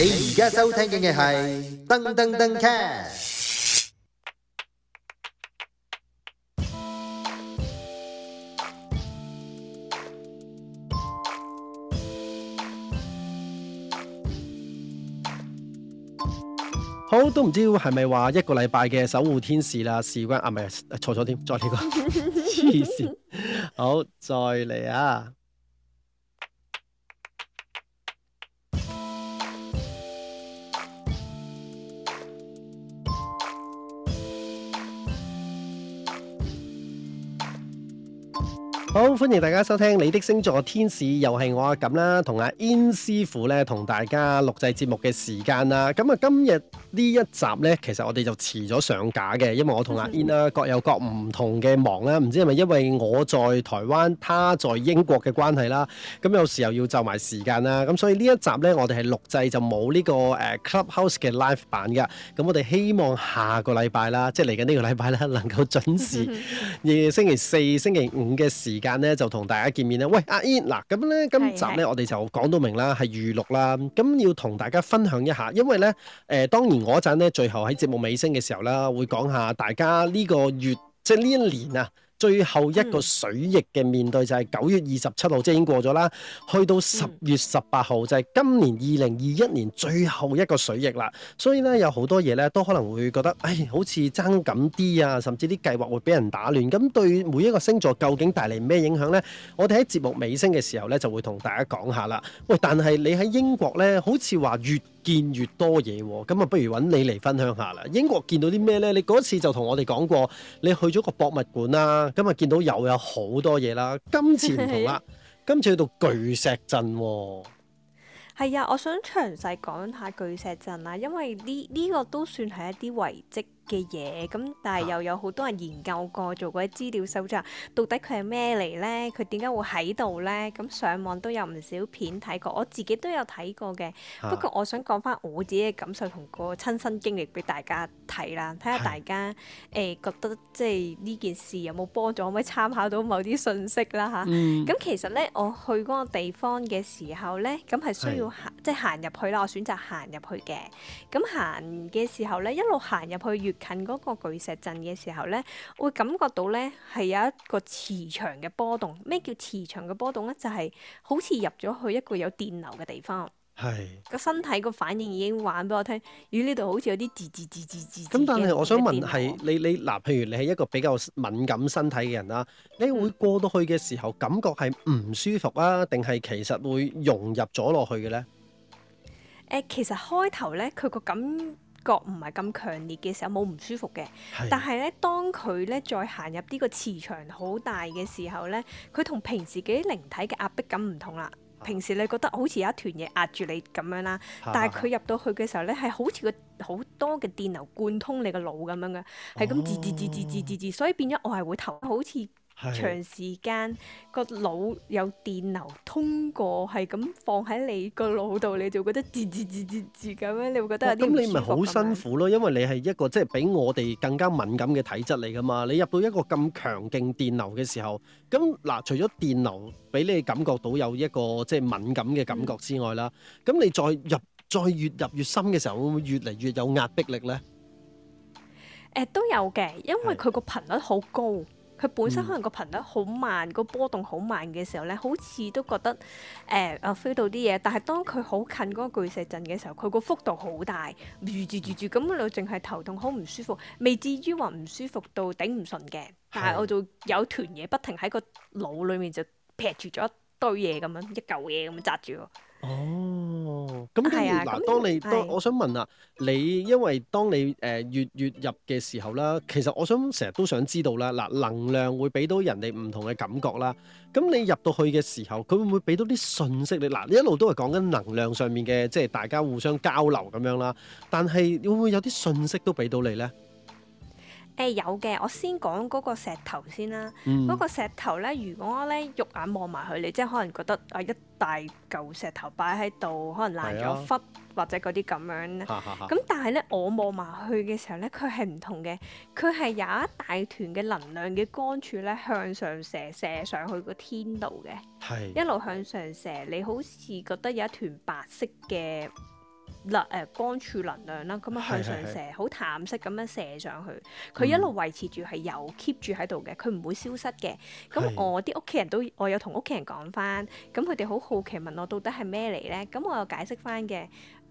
你而家收聽緊嘅係噔噔噔 cast 好，都唔知係咪話一個禮拜嘅守護天使啦？事關啊，咪？係，錯錯添，再呢個，黐 線，好，再嚟啊！好，歡迎大家收聽你的星座天使，又係我阿感啦，同阿 In 師傅咧，同大家錄製節目嘅時間啦。咁啊，今日呢一集呢，其實我哋就遲咗上架嘅，因為我同阿 In 啊，各有各唔同嘅忙啦、啊。唔知係咪因為我在台灣，他在英國嘅關係啦？咁有時候要就埋時間啦。咁所以呢一集呢，我哋係錄製就冇呢、這個誒、啊、Clubhouse 嘅 live 版嘅。咁我哋希望下個禮拜啦，即係嚟緊呢個禮拜咧，能夠準時，星期四、星期五嘅時。時間咧就同大家見面咧，喂阿 In 嗱，咁咧今集咧是我哋就講到明啦，係預錄啦，咁要同大家分享一下，因為咧誒、呃，當然嗰陣咧最後喺節目尾聲嘅時候啦，會講下大家呢個月即係呢一年啊。最後一個水逆嘅面對就係九月二十七號，即係已經過咗啦。去到十月十八號就係今年二零二一年最後一個水逆啦。所以咧有好多嘢咧都可能會覺得，唉，好似爭咁啲啊，甚至啲計劃會俾人打亂。咁對每一個星座究竟帶嚟咩影響呢？我哋喺節目尾聲嘅時候咧就會同大家講下啦。喂，但係你喺英國咧，好似話越見越多嘢，哦，咁啊不如揾你嚟分享下啦。英國見到啲咩呢？你嗰次就同我哋講過，你去咗個博物館啦，咁啊見到又有好多嘢啦。今次唔同啦， 今次去到巨石陣，哦。係 啊，我想詳細講下巨石陣啦，因為呢呢、呢個都算係一啲遺跡。嘅嘢咁，但係又有好多人研究過做過啲資料蒐集，到底佢係咩嚟咧？佢點解會喺度咧？咁上網都有唔少片睇過，我自己都有睇過嘅。啊、不過我想講翻我自己嘅感受同個親身經歷俾大家睇啦，睇下大家誒是、欸、覺得即係呢件事有冇幫助，可唔可以參考到某啲信息啦吓。咁、嗯、其實咧，我去嗰個地方嘅時候咧，咁係需要行，是即係行入去啦。我選擇行入去嘅。咁行嘅時候咧，一路行入去越。近嗰個巨石陣嘅時候咧，我會感覺到咧係有一個磁場嘅波動。咩叫磁場嘅波動咧？就係、是、好似入咗去一個有電流嘅地方。係個是身體個反應已經話俾我聽。咦？呢度好似有啲滋滋滋滋滋咁。但係我想問，係你，你嗱，譬如你係一個比較敏感身體嘅人啦，你會過到去嘅時候感覺係唔舒服啊？定係、嗯、其實會融入咗落去嘅咧？誒、呃，其實開頭咧，佢個感覺唔係咁強烈嘅時候，冇唔舒服嘅，的但係咧當佢咧再行入呢個磁場好大嘅時候咧，佢同平時嘅啲靈體嘅壓迫感唔同啦。平時你覺得好似有一團嘢壓住你咁樣啦，的但係佢入到去嘅時候咧，係好似個好多嘅電流貫通你個腦咁樣嘅，係咁滋滋滋滋滋滋，所以變咗我係會頭好似。長時間個腦有電流通過，係咁放喺你個腦度，你就覺得「吱吱吱吱吱」咁樣，你會覺得有啲咁，你咪好辛苦咯。因為你係一個即係比我哋更加敏感嘅體質嚟噶嘛。你入到一個咁強勁電流嘅時候，咁嗱，除咗電流俾你感覺到有一個即係、就是、敏感嘅感覺之外啦，咁你、嗯、再入再越入越深嘅時候，會唔會越嚟越有壓迫力咧？誒、啊，都有嘅，因為佢個頻率好高。佢本身可能個頻率好慢，個波動好慢嘅時候咧，好似都覺得誒啊 feel 到啲嘢。但係當佢好近嗰個巨石陣嘅時候，佢個幅度好大，住住住住。咁我淨係頭痛好唔舒服，未至於話唔舒服到頂唔順嘅。但係我就有團嘢不停喺個腦裡面就劈住咗一堆嘢咁樣，一嚿嘢咁窒住我。哦，咁跟住嗱，嗯、當你當我想問啊，你因為當你誒月月入嘅時候啦，其實我想成日都想知道啦，嗱，能量會俾到人哋唔同嘅感覺啦，咁你入到去嘅時候，佢會唔會俾到啲信息你？嗱、啊，你一路都係講緊能量上面嘅，即係大家互相交流咁樣啦，但係會唔會有啲信息都俾到你咧？誒、欸、有嘅，我先講嗰個石頭先啦。嗰、嗯、個石頭咧，如果咧肉眼望埋去，你即係可能覺得啊一大嚿石頭擺喺度，可能爛咗忽或者嗰啲咁樣。咁、啊啊啊、但係咧，我望埋去嘅時候咧，佢係唔同嘅。佢係有一大團嘅能量嘅光柱咧，向上射射上去個天度嘅，是一路向上射。你好似覺得有一團白色嘅。嗱誒，光柱能量啦，咁樣向上射，好是淡色咁樣射上去，佢一路維持住係有 keep 住喺度嘅，佢唔、嗯、會消失嘅。咁我啲屋企人都，我有同屋企人講翻，咁佢哋好好奇問我到底係咩嚟咧，咁我又解釋翻嘅。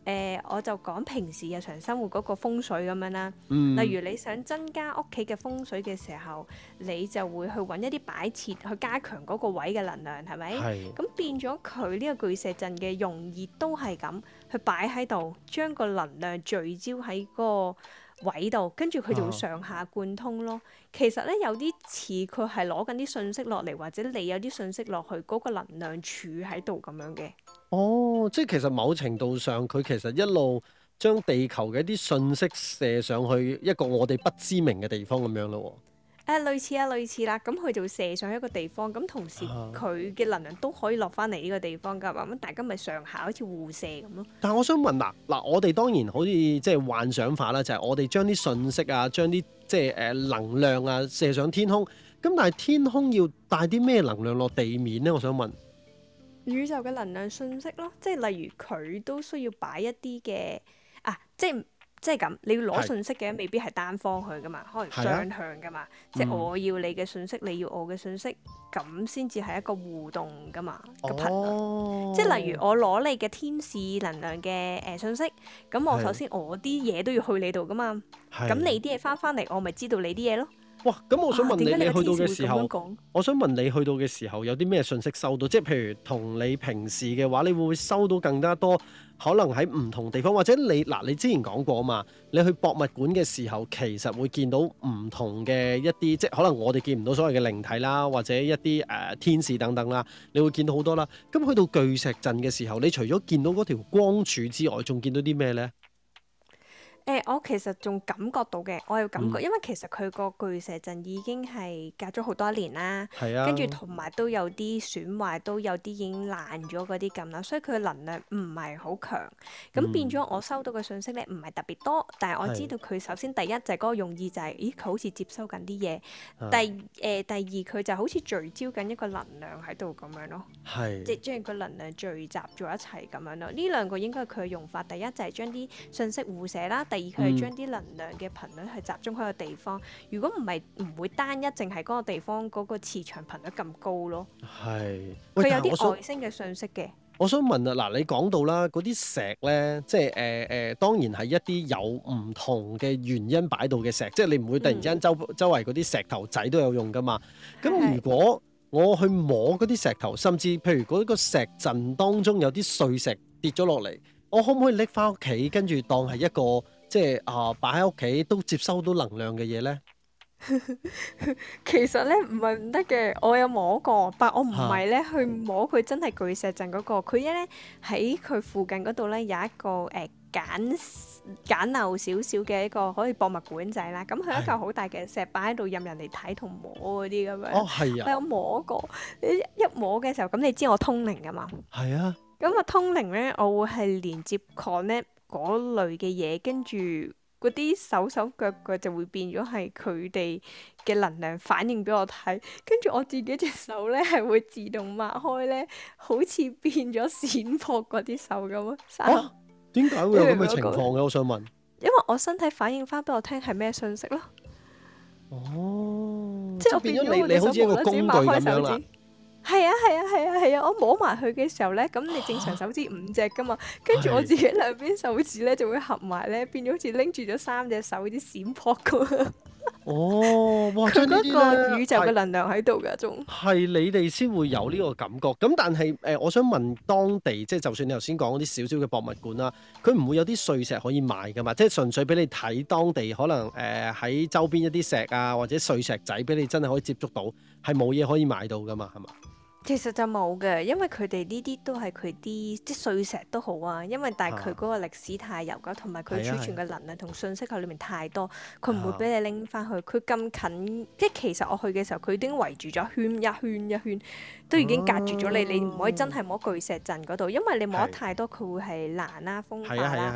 誒、呃，我就講平時日常生活嗰個風水咁樣啦。嗯、例如你想增加屋企嘅風水嘅時候，你就會去揾一啲擺設去加強嗰個位嘅能量，係咪？係是。咁變咗佢呢個巨石陣嘅用意都係咁，去擺喺度，將個能量聚焦喺個位度，跟住佢就會上下貫通咯。啊、其實呢，有啲似佢係攞緊啲信息落嚟，或者你有啲信息落去，嗰、那個能量儲喺度咁樣嘅。哦，即係其實某程度上，佢其實一路將地球嘅一啲信息射上去一個我哋不知名嘅地方咁樣咯。誒，類似啊，類似啦、啊。咁佢就射上去一個地方，咁同時佢嘅能量都可以落翻嚟呢個地方噶。咁樣大家咪上下好似互射咁咯。但係我想問嗱嗱，我哋當然可以即係幻想法啦，就係、是、我哋將啲信息啊，將啲即係誒、呃、能量啊射上天空。咁但係天空要帶啲咩能量落地面咧？我想問。宇宙嘅能量信息咯，即係例如佢都需要擺一啲嘅啊，即即係咁，你要攞信息嘅，是未必係單方去噶嘛，可能雙向噶嘛，啊、即係我要你嘅信息，你要我嘅信息，咁先至係一個互動噶嘛個頻率。哦、即係例如我攞你嘅天使能量嘅誒、呃、信息，咁我首先是我啲嘢都要去你度噶嘛，咁是你啲嘢翻翻嚟，我咪知道你啲嘢咯。咁我想問你，啊、你去到嘅時候，我想問你去到嘅時候有啲咩信息收到？即係譬如同你平時嘅話，你會唔會收到更加多？可能喺唔同地方，或者你嗱，你之前講過啊嘛，你去博物館嘅時候，其實會見到唔同嘅一啲，即係可能我哋見唔到所謂嘅靈體啦，或者一啲誒、呃、天使等等啦，你會見到好多啦。咁去到巨石陣嘅時候，你除咗見到嗰條光柱之外，仲見到啲咩呢？誒、欸，我其實仲感覺到嘅，我有感覺，嗯、因為其實佢個巨石陣已經係隔咗好多年啦，啊、跟住同埋都有啲損壞，都有啲已經爛咗嗰啲咁啦，所以佢嘅能量唔係好強，咁變咗我收到嘅信息咧，唔係特別多，但係我知道佢是首先第一就係、是、嗰個用意就係、是，咦佢好似接收緊啲嘢，第誒、呃、第二佢就好似聚焦緊一個能量喺度咁樣咯，即係將個能量聚集咗一齊咁樣咯，呢兩個應該係佢嘅用法，第一就係、是、將啲信息互寫啦，第而佢係將啲能量嘅頻率係集中喺個地方，如果唔係唔會單一，淨係嗰個地方嗰個磁場頻率咁高咯。係，佢有啲外星嘅信息嘅。我想問啊，嗱，你講到啦，嗰啲石咧，即係誒誒，當然係一啲有唔同嘅原因擺到嘅石，即係你唔會突然之間周周圍嗰啲石頭仔都有用噶嘛？咁如果我去摸嗰啲石頭，甚至譬如嗰一個石陣當中有啲碎石跌咗落嚟，我可唔可以拎翻屋企，跟住當係一個？即係啊！擺喺屋企都接收到能量嘅嘢咧，其實咧唔係唔得嘅，我有摸過，但係我唔係咧去摸佢真係巨石陣嗰個，佢一咧喺佢附近嗰度咧有一個誒簡簡陋少少嘅一個可以博物館仔啦，咁佢一嚿好大嘅石板喺度任人嚟睇同摸嗰啲咁樣，我有摸過，一摸嘅時候咁你知我通靈啊嘛，係啊，咁啊通靈咧我會係連接 connect。嗰類嘅嘢，跟住嗰啲手手腳腳就會變咗係佢哋嘅能量反應俾我睇，跟住我自己隻手咧係會自動抹開咧，好似變咗閃破嗰啲手咁。啊，點解、啊、會有咁嘅情況嘅？ 那個、我想問，因為我身體反應翻俾我聽係咩信息咯？哦，即係變咗你你好似一個工具咁樣啦。啊係啊係啊係啊係啊，啊！我摸埋佢嘅時候咧，咁你正常手指五隻噶嘛，跟住我自己兩邊手指咧就會合埋咧，變咗好似拎住咗三隻手啲閃撲噶。 哦，哇！佢個宇宙嘅能量喺度噶，仲係你哋先會有呢個感覺。咁、嗯、但係誒、呃，我想問當地，即、就、係、是、就算你頭先講嗰啲少少嘅博物館啦，佢唔會有啲碎石可以賣噶嘛？即、就、係、是、純粹俾你睇當地可能誒喺、呃、周邊一啲石啊或者碎石仔俾你真係可以接觸到，係冇嘢可以買到噶嘛？係嘛？其實就冇嘅，因為佢哋呢啲都係佢啲即碎石都好啊，因為但係佢嗰個歷史太悠久，同埋佢儲存嘅能量同信息喺裏面太多，佢唔會俾你拎翻去。佢咁、啊、近，即其實我去嘅時候，佢已經圍住咗圈一圈一圈，都已經隔住咗你，啊、你唔可以真係摸巨石陣嗰度，因為你摸得太多，佢是的 會係難啦、啊、風化啦、啊，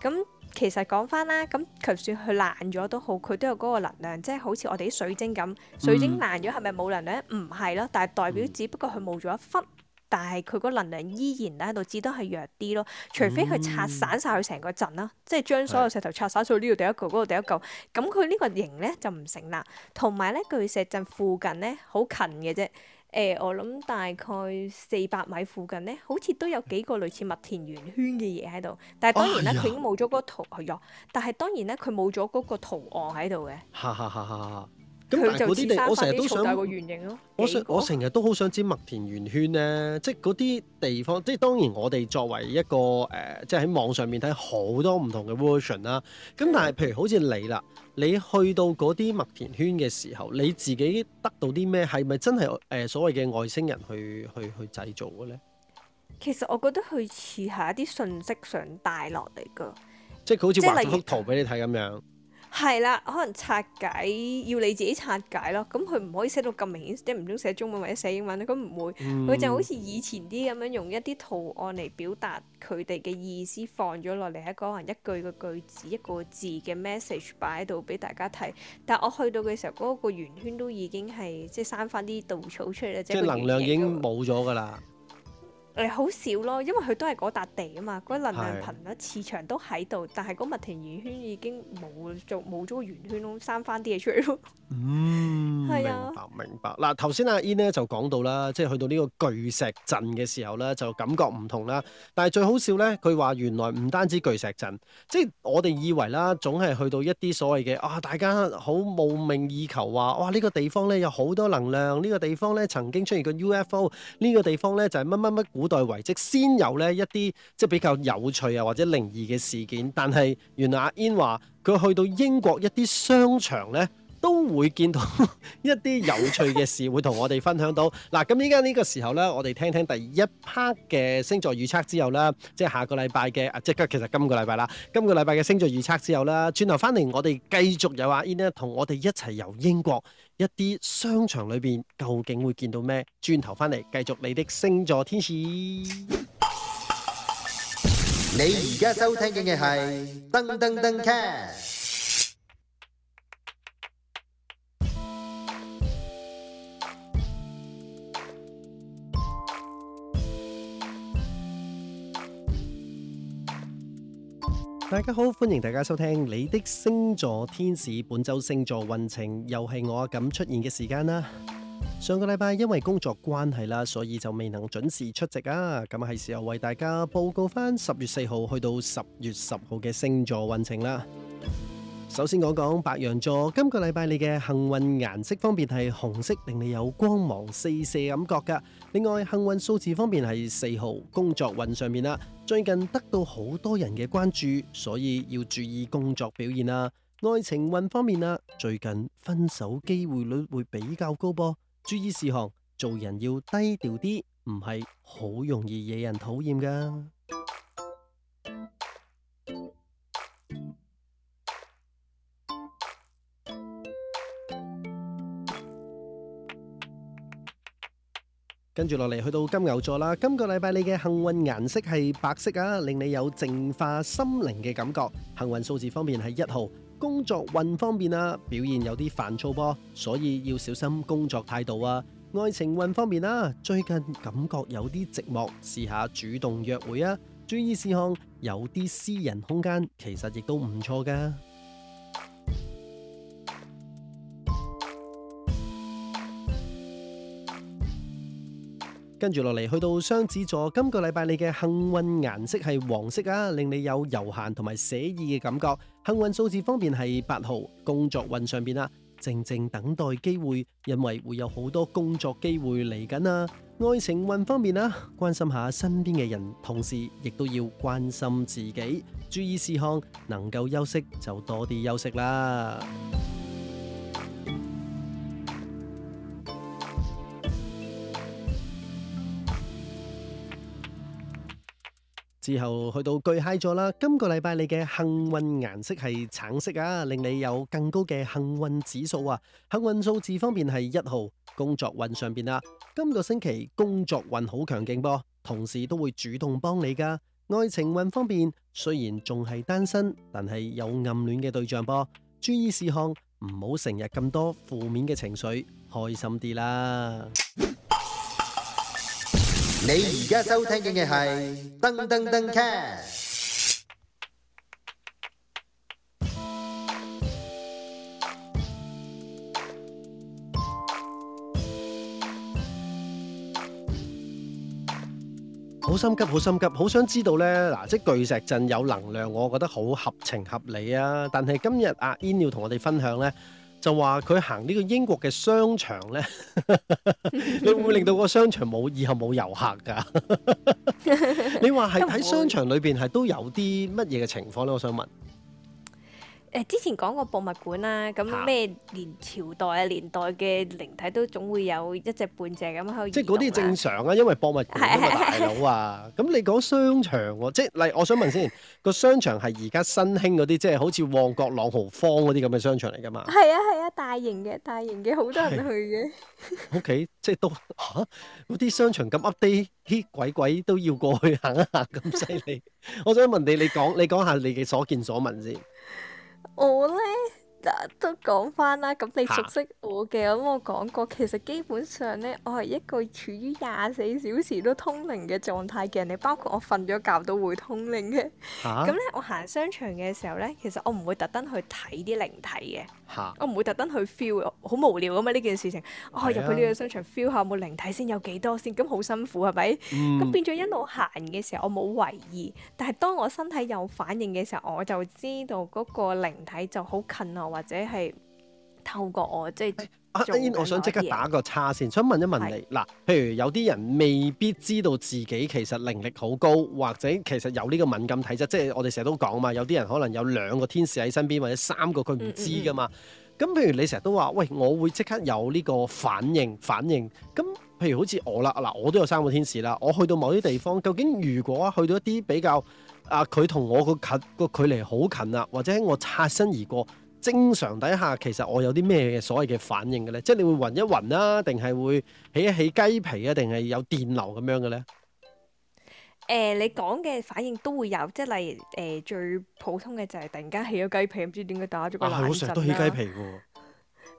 咁。其實講翻啦，咁就算佢爛咗都好，佢都有嗰個能量，即係好似我哋啲水晶咁。水晶爛咗係咪冇能量？唔係咯，但係代表只不過佢冇咗一忽，但係佢個能量依然喺度，只都係弱啲咯。除非佢拆散晒佢成個陣啦，即係將所有石頭拆散曬，呢度第一嚿，嗰度第一嚿，咁佢呢個形咧就唔成啦。同埋咧，巨石陣附近咧好近嘅啫。誒、欸，我諗大概四百米附近咧，好似都有幾個類似麥田圓圈嘅嘢喺度。但係當然咧，佢、哎、呀已經冇咗嗰圖。係啊，但係當然咧，佢冇咗嗰個圖案喺度嘅。哈哈哈哈哈！咁但係嗰啲地，我成日都想，哥我想我成日都好想知麥田圓圈咧、啊，即係嗰啲地方，即係當然我哋作為一個誒、呃，即係喺網上面睇好多唔同嘅 version 啦。咁但係譬如好似你啦，你去到嗰啲麥田圈嘅時候，你自己得到啲咩？係咪真係誒、呃、所謂嘅外星人去去去製造嘅咧？其實我覺得佢似係一啲信息上帶落嚟噶，即係佢好似畫一幅圖俾你睇咁樣。係啦，可能拆解要你自己拆解咯。咁佢唔可以寫到咁明顯，即係唔中寫中文或者寫英文咧。咁唔會，佢、嗯、就好似以前啲咁樣，用一啲圖案嚟表達佢哋嘅意思，放咗落嚟喺可能一句嘅句子一個字嘅 message 擺喺度俾大家睇。但我去到嘅時候，嗰、那個圓圈都已經係即係生翻啲稻草出嚟，即係能量已經冇咗㗎啦。誒好少咯，因為佢都係嗰笪地啊嘛，嗰能量頻率磁場都喺度，但係嗰麥田圓圈已經冇做冇咗個圓圈咯，生翻啲嘢出嚟咯。嗯，係啊，明白。嗱頭先阿 In 呢就講到啦，即係去到呢個巨石陣嘅時候咧，就感覺唔同啦。但係最好笑咧，佢話原來唔單止巨石陣，即係我哋以為啦，總係去到一啲所謂嘅啊，大家好慕名以求話，哇呢個地方咧有好多能量，呢個地方咧曾經出現過 UFO，呢個地方咧就係乜乜乜。古代遺蹟先有咧一啲即係比較有趣啊或者靈異嘅事件，但係原來阿 In 話佢去到英國一啲商場咧都會見到一啲有趣嘅事，會同我哋分享到。嗱，咁依家呢個時候咧，我哋聽聽第一 part 嘅星座預測之後啦，即係下個禮拜嘅即刻，其實今個禮拜啦，今個禮拜嘅星座預測之後啦，轉頭翻嚟我哋繼續有阿 In 咧同我哋一齊遊英國。一啲商場裏邊究竟會見到咩？轉頭翻嚟，繼續你的星座天使。你而家收聽嘅嘢係噔噔噔 c a 大家好，歡迎大家收聽你的星座天使本周星座運程，又係我阿感出現嘅時間啦。上個禮拜因為工作關係啦，所以就未能準時出席啊。咁係時候為大家報告翻十月四號去到十月十號嘅星座運程啦。首先講講白羊座，今個禮拜你嘅幸運顏色方面係紅色，令你有光芒四射感覺噶。另外幸運數字方面係四號，工作運上面啦，最近得到好多人嘅關注，所以要注意工作表現啦。愛情運方面啦，最近分手機會率會比較高噃。注意事項，做人要低調啲，唔係好容易惹人討厭噶。跟住落嚟，去到金牛座啦。今個禮拜你嘅幸運顏色係白色啊，令你有淨化心靈嘅感覺。幸運數字方面係一號。工作運方面啊，表現有啲煩躁噃，啊，所以要小心工作態度啊。愛情運方面啊，最近感覺有啲寂寞，試下主動約會啊。注意事項，有啲私人空間，其實亦都唔錯㗎。跟住落嚟，去到雙子座，今個禮拜你嘅幸運顏色係黃色啊，令你有悠閒同埋寫意嘅感覺。幸運數字方面係八號，工作運上邊啦，靜靜等待機會，因為會有好多工作機會嚟緊啊。愛情運方面啦，關心下身邊嘅人，同時亦都要關心自己，注意事項，能夠休息就多啲休息啦。之後去到巨蟹座啦！今個禮拜你嘅幸運顏色係橙色啊，令你有更高嘅幸運指數啊！幸運數字方面係一號，工作運上邊啊。今個星期工作運好強勁噃，同事都會主動幫你噶。愛情運方面雖然仲係單身，但係有暗戀嘅對象噃，啊。注意事項，唔好成日咁多負面嘅情緒，開心啲啦。你而家收聽嘅係噔噔噔 cast。好心急，好心急，好想知道呢嗱，即係巨石陣有能量，我覺得好合情合理啊！但係今日阿 In 要同我哋分享呢。就話佢行呢個英國嘅商場呢， 你會唔會令到個商場冇以後冇遊客㗎？ 你話係喺商場裏邊係都有啲乜嘢嘅情況呢？我想問。誒之前講過博物館啦，咁咩年朝代啊年代嘅靈體都總會有一隻半隻咁，可以，即係嗰啲正常啊，因為博物館係大佬啊。咁你講商場喎，即係例如我想問先，個商場係而家新興嗰啲，即係好似旺角朗豪坊嗰啲咁嘅商場嚟㗎嘛？係啊係啊，大型嘅大型嘅，好多人去嘅。O K，即係都嚇嗰啲商場咁 update 啲，鬼鬼都要過去行一行咁犀利。我想問你，你講你講下你嘅所見所聞先。我咧嗱，都講翻啦。咁你熟悉我嘅，咁、啊、我講過，其實基本上咧，我係一個處於廿四小時都通靈嘅狀態嘅人。你包括我瞓咗覺都會通靈嘅。咁咧、啊，我行商場嘅時候咧，其實我唔會特登去睇啲靈體嘅。我唔會特登去 feel，好無聊啊嘛呢件事情。哦，入是、啊、去呢個商場 feel 下有冇靈體先，有幾多先，咁好辛苦係咪？咁、嗯、變咗一路行嘅時候，我冇懷疑。但係當我身體有反應嘅時候，我就知道嗰個靈體就好近啊，或者係。透過我即係、就是啊，我想即刻打個叉先。想問一問你嗱是，譬如有啲人未必知道自己其實靈力好高，或者其實有呢個敏感體質。即係我哋成日都講嘛，有啲人可能有兩個天使喺身邊，或者三個佢唔知㗎嘛。咁、嗯嗯嗯、譬如你成日都話，喂，我會即刻有呢個反應，反應。咁譬如好似我啦，嗱，我都有三個天使啦。我去到某啲地方，究竟如果去到一啲比較啊，佢同我個近個距離好近啊，或者我擦身而過。正常底下其實我有啲咩嘅所謂嘅反應嘅咧，即係你會暈一暈啦、啊，定係會起一起雞皮啊，定係有電流咁樣嘅咧？誒、呃，你講嘅反應都會有，即係例如誒最普通嘅就係突然間起咗雞皮，唔知點解打咗個冷震啦、啊啊、我成日都起雞皮喎。誒、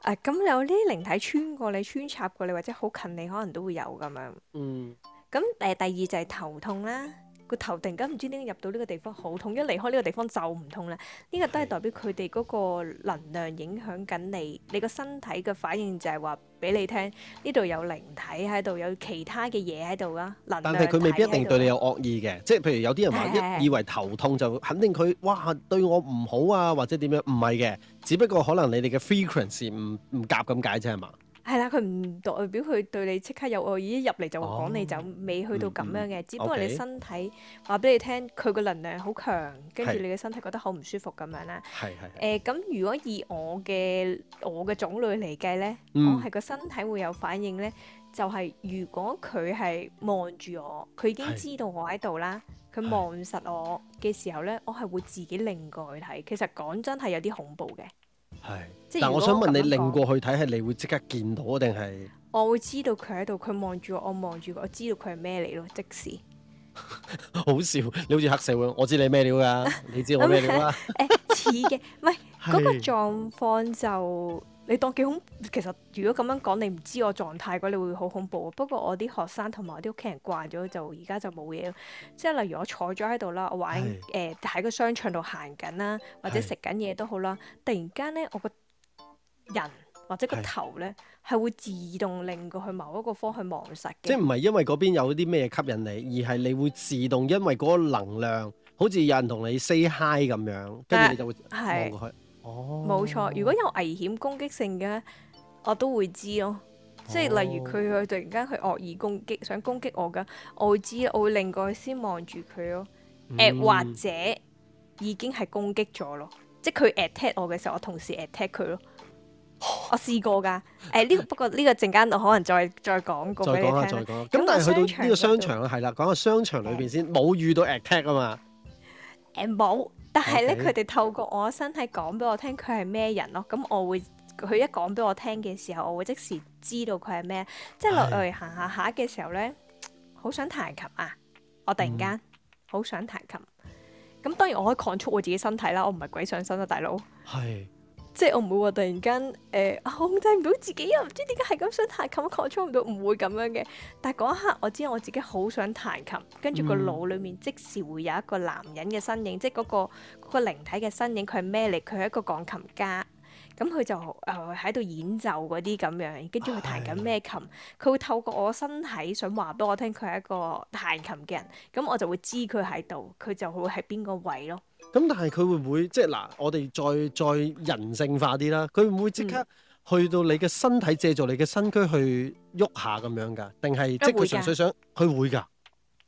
呃，咁有啲靈體穿過你、穿插過你，或者好近你，可能都會有咁樣。嗯。咁誒、呃，第二就係頭痛啦。個頭突然間唔知點解入到呢個地方好痛，一離開呢個地方就唔痛啦。呢個都係代表佢哋嗰個能量影響緊你，你個身體嘅反應就係話俾你聽，呢度有靈體喺度，有其他嘅嘢喺度啊。但係佢未必一定對你有惡意嘅，即係譬如有啲人話，一以為頭痛就肯定佢哇對我唔好啊，或者點樣唔係嘅，只不過可能你哋嘅 frequency 唔唔夾咁解啫，係嘛？係啦，佢唔代表佢對你即刻有愛意。一入嚟就話講你就未去到咁樣嘅，嗯嗯、只不過你身體話俾 okay? 你聽，佢個能量好強，跟住你嘅身體覺得好唔舒服咁樣啦。係係。咁、呃、如果以我嘅我嘅種類嚟計咧，嗯、我係個身體會有反應咧，就係、是、如果佢係望住我，佢已經知道我喺度啦。佢望實我嘅時候咧，我係會自己擰過去睇。其實講真係有啲恐怖嘅。係，但我想問你，擰過去睇係你會即刻見到定係？我會知道佢喺度，佢望住我，我望住佢，我知道佢係咩嚟咯，即時。 好笑，你好似黑社會，我知你咩料㗎， 你知道我咩料啦？似嘅，唔係，嗰 是個狀況就。你當幾恐？其實如果咁樣講，你唔知我狀態嘅話，你會好恐怖。不過我啲學生同埋我啲屋企人慣咗，就而家就冇嘢。即係例如我坐咗喺度啦，我玩誒喺是、呃、個商場度行緊啦，或者食緊嘢都好啦。突然間咧，我個人或者個頭咧，係是會自動令個去某一個方向望實嘅。即係唔係因為嗰邊有啲咩吸引你，而係你會自動因為嗰個能量，好似有人同你 say hi 咁樣，跟住你就會望過去。冇錯、哦，如果有危險、攻擊性嘅，我都會知咯。哦、即係例如佢去突然間去惡意攻擊，想攻擊我嘅，我會知，我會擰過去先望住佢咯。誒、嗯，或者已經係攻擊咗咯，即係佢 attack 我嘅時候，我同時 attack 佢咯。哦、我試過噶，誒、欸，呢、這個、不過呢個陣間度可能再再講過。再講下，再講。咁但係去到呢個商場啦，係啦，講對下商場裏邊先，冇遇到 attack 啊嘛。誒、欸，冇、欸。欸但係咧，佢哋 Okay. 透過我身體講俾我聽，佢係咩人咯？咁我會，佢一講俾我聽嘅時候，我會即時知道佢係咩。即係落去行下下嘅時候咧，好是想彈琴啊！我突然間好想彈琴。咁、嗯、當然我可以 control 我自己身體啦，我唔係鬼上身啊，大佬。係。即係我唔會話突然間誒、呃、控制唔到自己啊！唔知點解係咁想彈琴，我 control 唔到，唔會咁樣嘅。但係嗰一刻我知道我自己好想彈琴，跟住個腦裡面即時會有一個男人嘅身影，嗯、即係嗰、嗰個嗰、嗰個靈體嘅身影，佢係咩嚟？佢係一個鋼琴家。咁佢、嗯、就誒喺度演奏嗰啲咁樣，跟住佢彈緊咩琴，佢、哎、呀會透過我身體想話俾我聽，佢係一個彈琴嘅人，咁我就會知佢喺度，佢就會喺邊個位咯。咁但係佢會唔會即係嗱，我哋再再人性化啲啦，佢會唔會即刻去到你嘅身體，借助你嘅身軀去喐下咁樣㗎？定係即係佢純粹想？佢會㗎，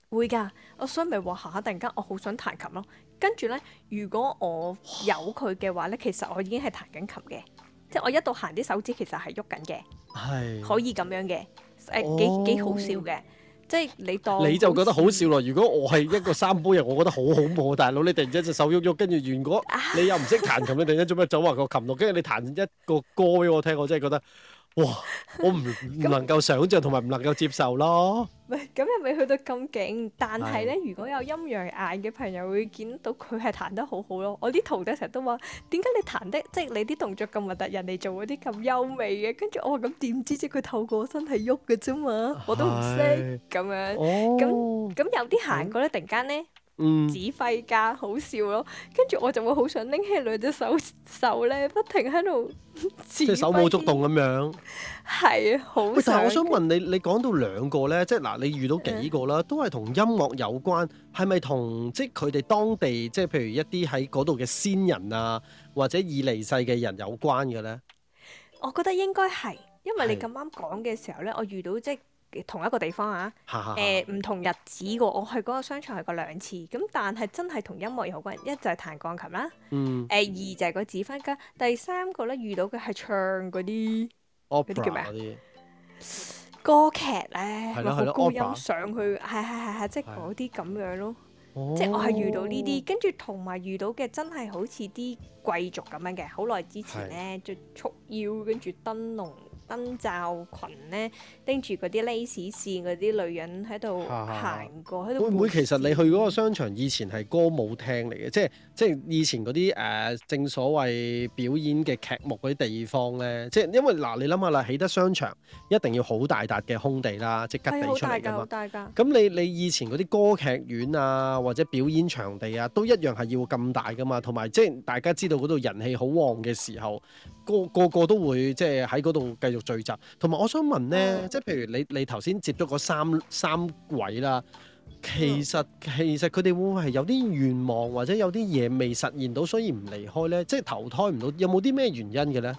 會㗎。我想咪話下，突然間我好想彈琴咯。跟住咧，如果我有佢嘅話咧，其實我已經係彈緊琴嘅，即係我一度行啲手指其實係喐緊嘅，係唉可以咁樣嘅，誒、呃、幾、哦、幾好笑嘅，即係你當你就覺得好笑咯。如果我係一個三杯人，我覺得好恐怖。大佬，你突然之間隻手喐喐，跟住如果你又唔識彈琴，你突然之間做咩走話 個琴落，跟住你彈一個歌俾我聽，我真係覺得。哇！我唔唔能夠想象同埋唔能夠接受咯。唔係咁又未去到咁勁，但係咧，是如果有陰陽眼嘅朋友會見到佢係彈得好好咯。我啲徒弟成日都話：點解你彈得？即、就、係、是、你啲動作咁核突，人哋做嗰啲咁優美嘅？跟住我話：咁、哦、點知？即係佢透過身體喐嘅啫嘛，我都唔識咁樣。咁咁、哦、有啲行過咧，突然間咧。嗯、指揮家好笑咯，跟住我就會好想拎起兩隻手手咧，不停喺度即手舞足蹈咁樣，係好。 喂，但係我想問你，你講到兩個咧，即係嗱，你遇到幾個啦，都係同音樂有關，係咪同即係佢哋當地，即係譬如一啲喺嗰度嘅先人啊，或者已離世嘅人有關嘅咧？我覺得應該係，因為你咁啱講嘅時候咧，的我遇到即同一個地方啊，誒唔、 呃、同日子嘅，我去嗰個商場去過兩次，咁但係真係同音樂有關，一就係彈鋼琴啦，誒、嗯呃、二就係個指揮家，第三個咧遇到嘅係唱嗰啲嗰啲叫咩些歌劇咧、啊，係咪好高音 Opera 上去？係係係係，即係嗰啲咁樣咯，的即係我係遇到，遇到的的呢啲的，跟住同埋遇到嘅真係好似啲貴族咁樣嘅，好耐之前咧就束腰，跟住燈籠。燈罩裙咧，盯住嗰啲 lace 線嗰啲女人喺度行過，啊、會唔會其實你去嗰個商場以前係歌舞廳嚟嘅？即係即係以前嗰啲誒正所謂表演嘅劇目嗰啲地方咧，即係因為嗱、呃、你諗下啦，起得商場一定要好大笪嘅空地啦，即係吉地出嚟㗎嘛。大㗎。咁你你以前嗰啲歌劇院啊，或者表演場地啊，都一樣係要咁大㗎嘛。同埋即係大家知道嗰度人氣好旺嘅時候個，個個都會即係喺嗰度繼聚集，同埋我想問呢，即係譬如你你頭先接觸嗰三三位啦，其實其實佢哋會唔會係有啲願望，或者有啲嘢未實現到，所以唔離開呢？即係投胎唔到，有冇啲咩原因嘅呢？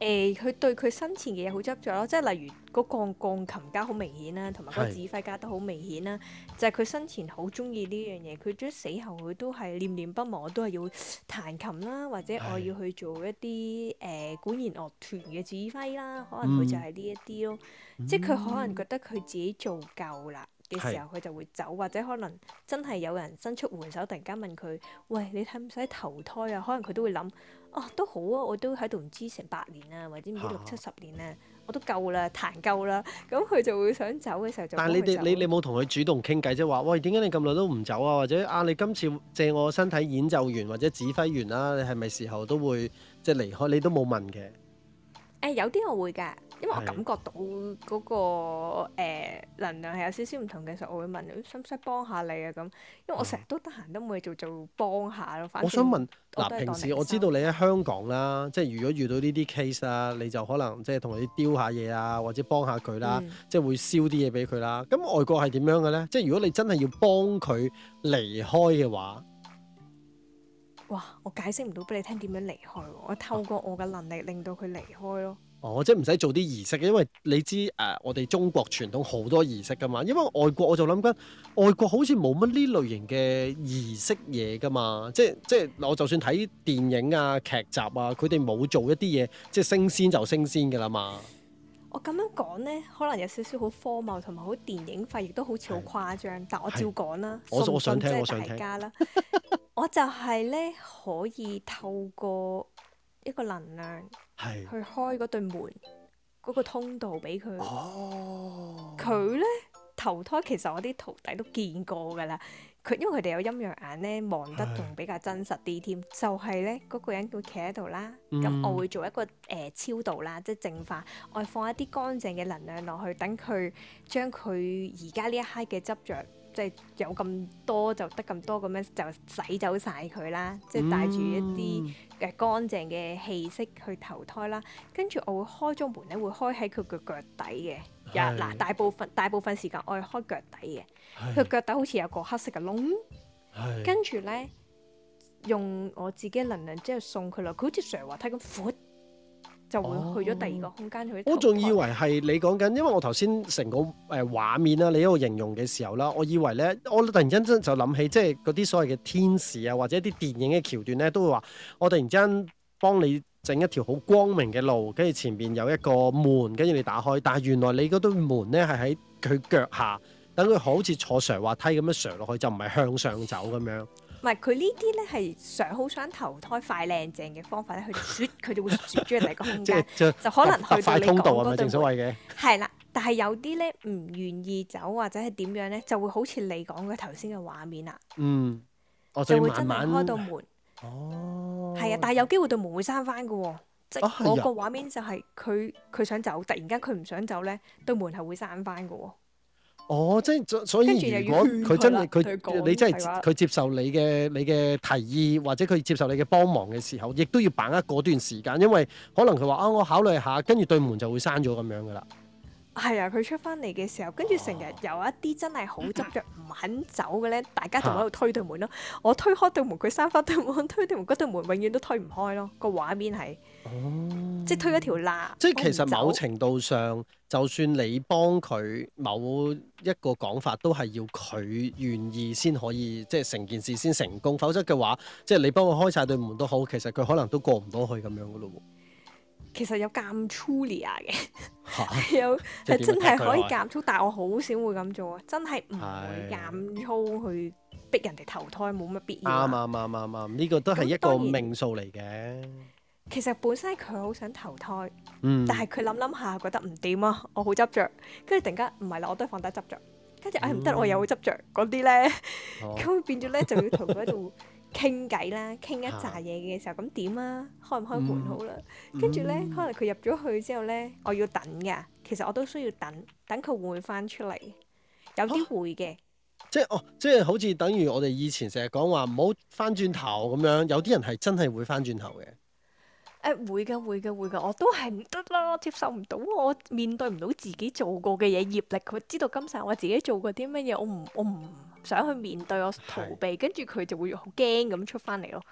誒，佢、欸、對佢生前嘅嘢好執着咯，即係例如嗰個鋼鋼琴家好明顯啦，同埋嗰個指揮家都好明顯啦，是就係佢生前好中意呢樣嘢。佢即使死後，佢都係念念不忘，都係要彈琴啦，或者我要去做一啲誒管弦樂團嘅指揮啦。可能佢就係呢一啲咯，嗯、即係佢可能覺得佢自己做夠啦嘅時候，佢、嗯、就會走，或者可能真係有人伸出援手，突然間問佢：喂，你睇唔使投胎啊？可能佢都會諗。哦、啊，都好啊，我都喺度唔知成八年啊，或者唔知六七十年啊，我都夠啦，彈夠啦，咁、嗯、佢就會想走嘅時候就。但係你哋你你冇同佢主動傾偈即係，話喂，點解你咁耐都唔走啊？或者啊，你今次借我身體演奏完或者指揮完啦、啊，你係咪時候都會即係離開？你都冇問嘅。誒、欸，有啲我會㗎。因為我感覺到嗰、那個誒能量係有少少唔同嘅時候，我會問：使唔使要幫下你啊？咁，因為我成日都得閒，都冇嘢做，就幫下咯。我想問，嗱，平時我知道你喺香港啦，即係如果遇到呢啲 case 啦，你就可能即係同佢丟下嘢啊，或者幫下佢啦、嗯，即係會燒啲嘢俾佢啦。咁外國係點樣嘅咧？即係如果你真係要幫佢離開嘅話，哇！我解釋唔到俾你聽點樣離開。我透過我嘅能力令到佢離開咯。哦，即係唔使做啲儀式，因為你知誒、啊，我哋中國傳統好多儀式㗎嘛。因為外國我就諗緊，外國好似冇乜呢類型嘅儀式嘢㗎嘛。即係即係，我就算睇電影啊劇集啊，佢哋冇做一啲嘢，即係升仙就升仙㗎喇嘛。我咁樣講咧，可能有少少好荒謬，同埋好電影化，亦都好似好誇張，是但我照講啦，是信即不係我想聽，我想聽，大家啦。 我就係咧，可以透過一個能量。是去開嗰對門，嗰、那個通道俾佢，佢咧、哦、投胎，其實我啲徒弟都見過㗎啦。佢因為佢哋有陰陽眼咧，望得仲比較真實啲添。是就係咧，嗰、那個人會企喺度啦。咁、嗯、我會做一個誒、呃、超度啦，即係淨化，我會放一啲乾淨嘅能量落去，等佢將佢而家呢一刻嘅執着，即係有咁多就得咁多咁樣就洗走晒佢啦。即係帶住一啲。嗯嘅乾淨嘅氣息去投胎啦，跟住我會開咗門咧，會開喺佢嘅腳底嘅，嗱是的 Yeah,，大部分大部分時間我係開腳底嘅，佢是的 腳底好似有個黑色嘅窿，是的 跟住咧用我自己嘅能量即係、就是、送佢落，佢好似成個滑梯咁闊。就會去咗第二個空間、oh, 去。我仲以為係你講緊，因為我頭先成個誒畫面啦。你喺度形容嘅時候啦，我以為咧，我突然之間就諗起，即係嗰啲所謂嘅天使啊，或者一啲電影嘅橋段咧，都會話我突然之間幫你整一條好光明嘅路，跟住前面有一個門，跟住你打開，但係原來你嗰堆門咧係喺佢腳下，等佢好似坐上滑梯咁樣上落去，就唔係向上走咁樣。唔係，佢呢啲咧係想好想投胎 快靚正嘅方法咧，佢佢就會絕住人哋個空間， 就是、就可能去到你講嗰度係快速通道啊嘛， 是是正所謂嘅。係啦，但係有啲咧唔願意走或者係點樣咧，就會好似你講嘅頭先嘅畫面啦。嗯，慢慢就會真係開到門。哦。係啊，但係有機會對門會閂翻嘅喎，即、就、係、是、我個畫面就係佢佢想走，突然間佢唔想走咧，對門係會閂翻嘅喎。哦，即係所以如果佢真係佢你真係佢接受你嘅你嘅提議，或者佢接受你嘅幫忙嘅時候，亦都要把握嗰段時間，因為可能佢話啊，我考慮下，跟住對門就會閂咗咁樣㗎喇。係啊，佢出翻嚟嘅時候，跟住成日有一啲真係好執着唔肯走嘅咧，大家就喺度推對門咯。啊、我推開對門，佢閂翻對門，推對門，嗰對門永遠都推唔開咯。個畫面係，嗯、即係推一條罅。即係其實某程度上，就算你幫佢某一個講法，都係要佢願意先可以，即係成件事先成功。否則嘅話，即係你幫我開晒對門都好，其實佢可能都過唔到去咁樣嘅咯。其實有減粗嘅， 有係真係可以減粗，但係我好少會咁做啊！真係唔會減粗去逼人哋投胎，冇乜必要。啱啱啱啱啱，呢個都係一個命數嚟嘅。其實本身佢好想投胎，嗯，但係佢諗諗下覺得唔掂啊，我好執着，跟住突然間唔係啦，我都係放低執着。跟住唉唔得，我又好執着嗰啲咧，咁 變咗咧就要同佢喺度。嗯 傾偈啦，傾一紮嘢嘅時候，咁點啊，啊？開唔開門好啦？跟住咧，可能佢入咗去之後咧，我要等㗎。其實我都需要等，等佢會唔會翻出嚟，有啲會嘅，啊。即係哦，即係好似等於我哋以前成日講話唔好翻轉頭咁樣，有啲人係真係會翻轉頭嘅。誒會嘅，會嘅，會嘅，我都係唔得啦，接受唔到，我面對唔到自己做過嘅嘢，業力，佢知道今世我自己做過啲乜嘢，我唔，我唔。想去面對我逃避，是跟住佢就會好驚咁出翻嚟咯。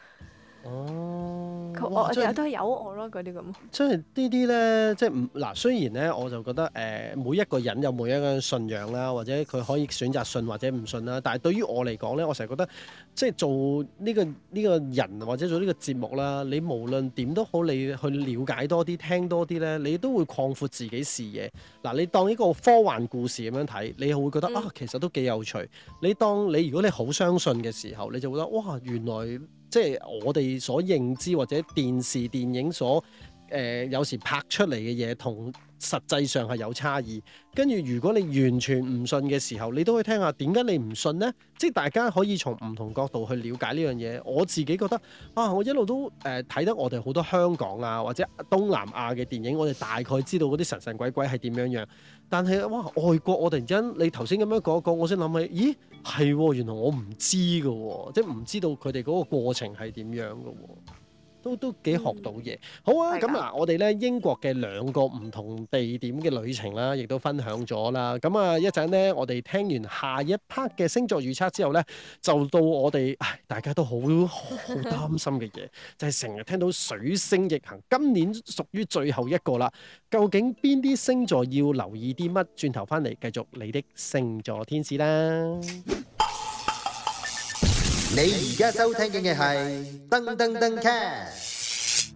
哦，我有都有我咯，嗰啲咁。即係呢啲咧，即係唔嗱。雖然咧，我就覺得誒、呃，每一個人有每一個信仰啦，或者佢可以選擇信或者唔信啦。但係對於我嚟講咧，我成日覺得即係做呢、這個呢、這個人或者做呢個節目啦，你無論點都好，你去了解多啲，聽多啲咧，你都會擴闊自己視野。嗱，你當一個科幻故事咁樣睇，你會覺得、嗯、啊，其實都幾有趣。你當你如果你好相信嘅時候，你就會覺得哇，原來。即係我哋所認知或者電視電影所。誒、呃、有時拍出嚟嘅嘢同實際上係有差異，跟住如果你完全唔信嘅時候，你都可以聽下點解你唔信呢？即係大家可以從唔同角度去了解呢樣嘢。我自己覺得啊，我一路都誒睇、呃、得我哋好多香港啊或者東南亞嘅電影，我哋大概知道嗰啲神神鬼鬼係點樣樣。但係哇，外國我突然間，你頭先咁樣講一講，我先諗起，咦係、哦，原來我唔知嘅喎、哦，即係唔知道佢哋嗰個過程係點樣嘅喎、哦。都都幾學到嘢，嗯、好啊！咁啊的，我哋咧英國嘅兩個唔同地點嘅旅程啦，亦都分享咗啦。咁啊，一陣呢，我哋聽完下一 part 嘅星座預測之後呢，就到我哋大家都好好擔心嘅嘢， 就係成日聽到水星逆行，今年屬於最後一個啦。究竟邊啲星座要留意啲乜？轉頭翻嚟繼續你的星座天使啦。 你而家收聽緊嘅係噔噔噔 cast。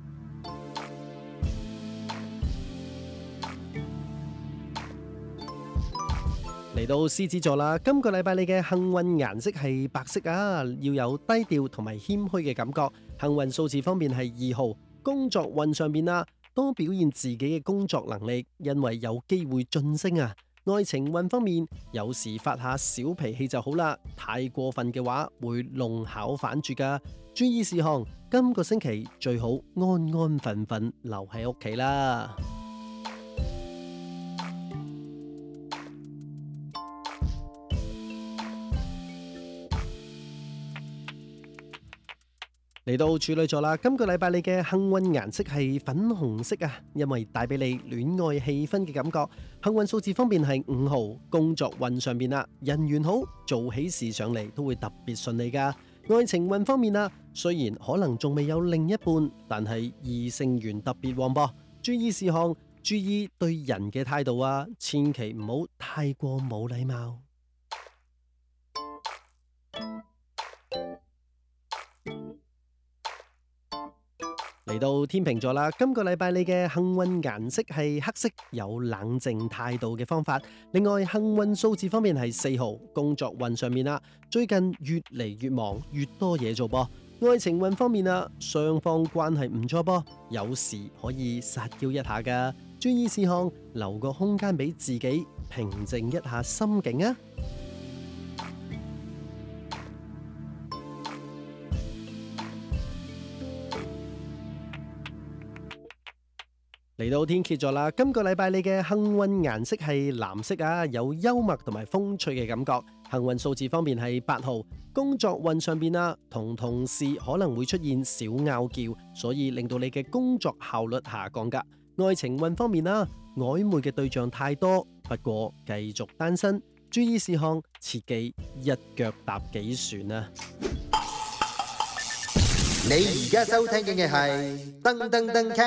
嚟到獅子座啦，今個禮拜你嘅幸運顏色係白色啊，要有低調同埋謙虛嘅感覺。幸運數字方面係二號，工作運上面啊，多表現自己嘅工作能力，因為有機會晉升啊。愛情運方面，有時發下小脾氣就好啦，太過分嘅話會弄巧反拙噶。注意事項，今個星期最好安安分分留喺屋企啦。嚟到處女座啦，今個禮拜你嘅幸運顏色係粉紅色啊，因為帶俾你戀愛氣氛嘅感覺。幸運數字方面係五號，工作運上邊啊，人緣好，做起事上嚟都會特別順利噶。愛情運方面啊，雖然可能仲未有另一半，但係異性緣特別旺噃。注意事項，注意對人嘅態度啊，千祈唔好太過冇禮貌。嚟到天秤座啦，今個禮拜你嘅幸運顏色係黑色，有冷靜態度嘅方法。另外幸運數字方面係四號，工作運上面啦，最近越嚟越忙，越多嘢做噃。愛情運方面啊，雙方關係唔錯噃，有時可以撒嬌一下噶。注意事項，留個空間俾自己，平靜一下心境啊。嚟到天蠍座啦，今個禮拜你嘅幸運顏色係藍色啊，有幽默同埋風趣嘅感覺。幸運數字方面係八號。工作運上邊啊，同同事可能會出現小拗撬，所以令到你嘅工作效率下降噶。愛情運方面啦，曖昧嘅對象太多，不過繼續單身。注意事項，切忌一腳踏幾船啊！你而家收聽緊嘅係登登登 c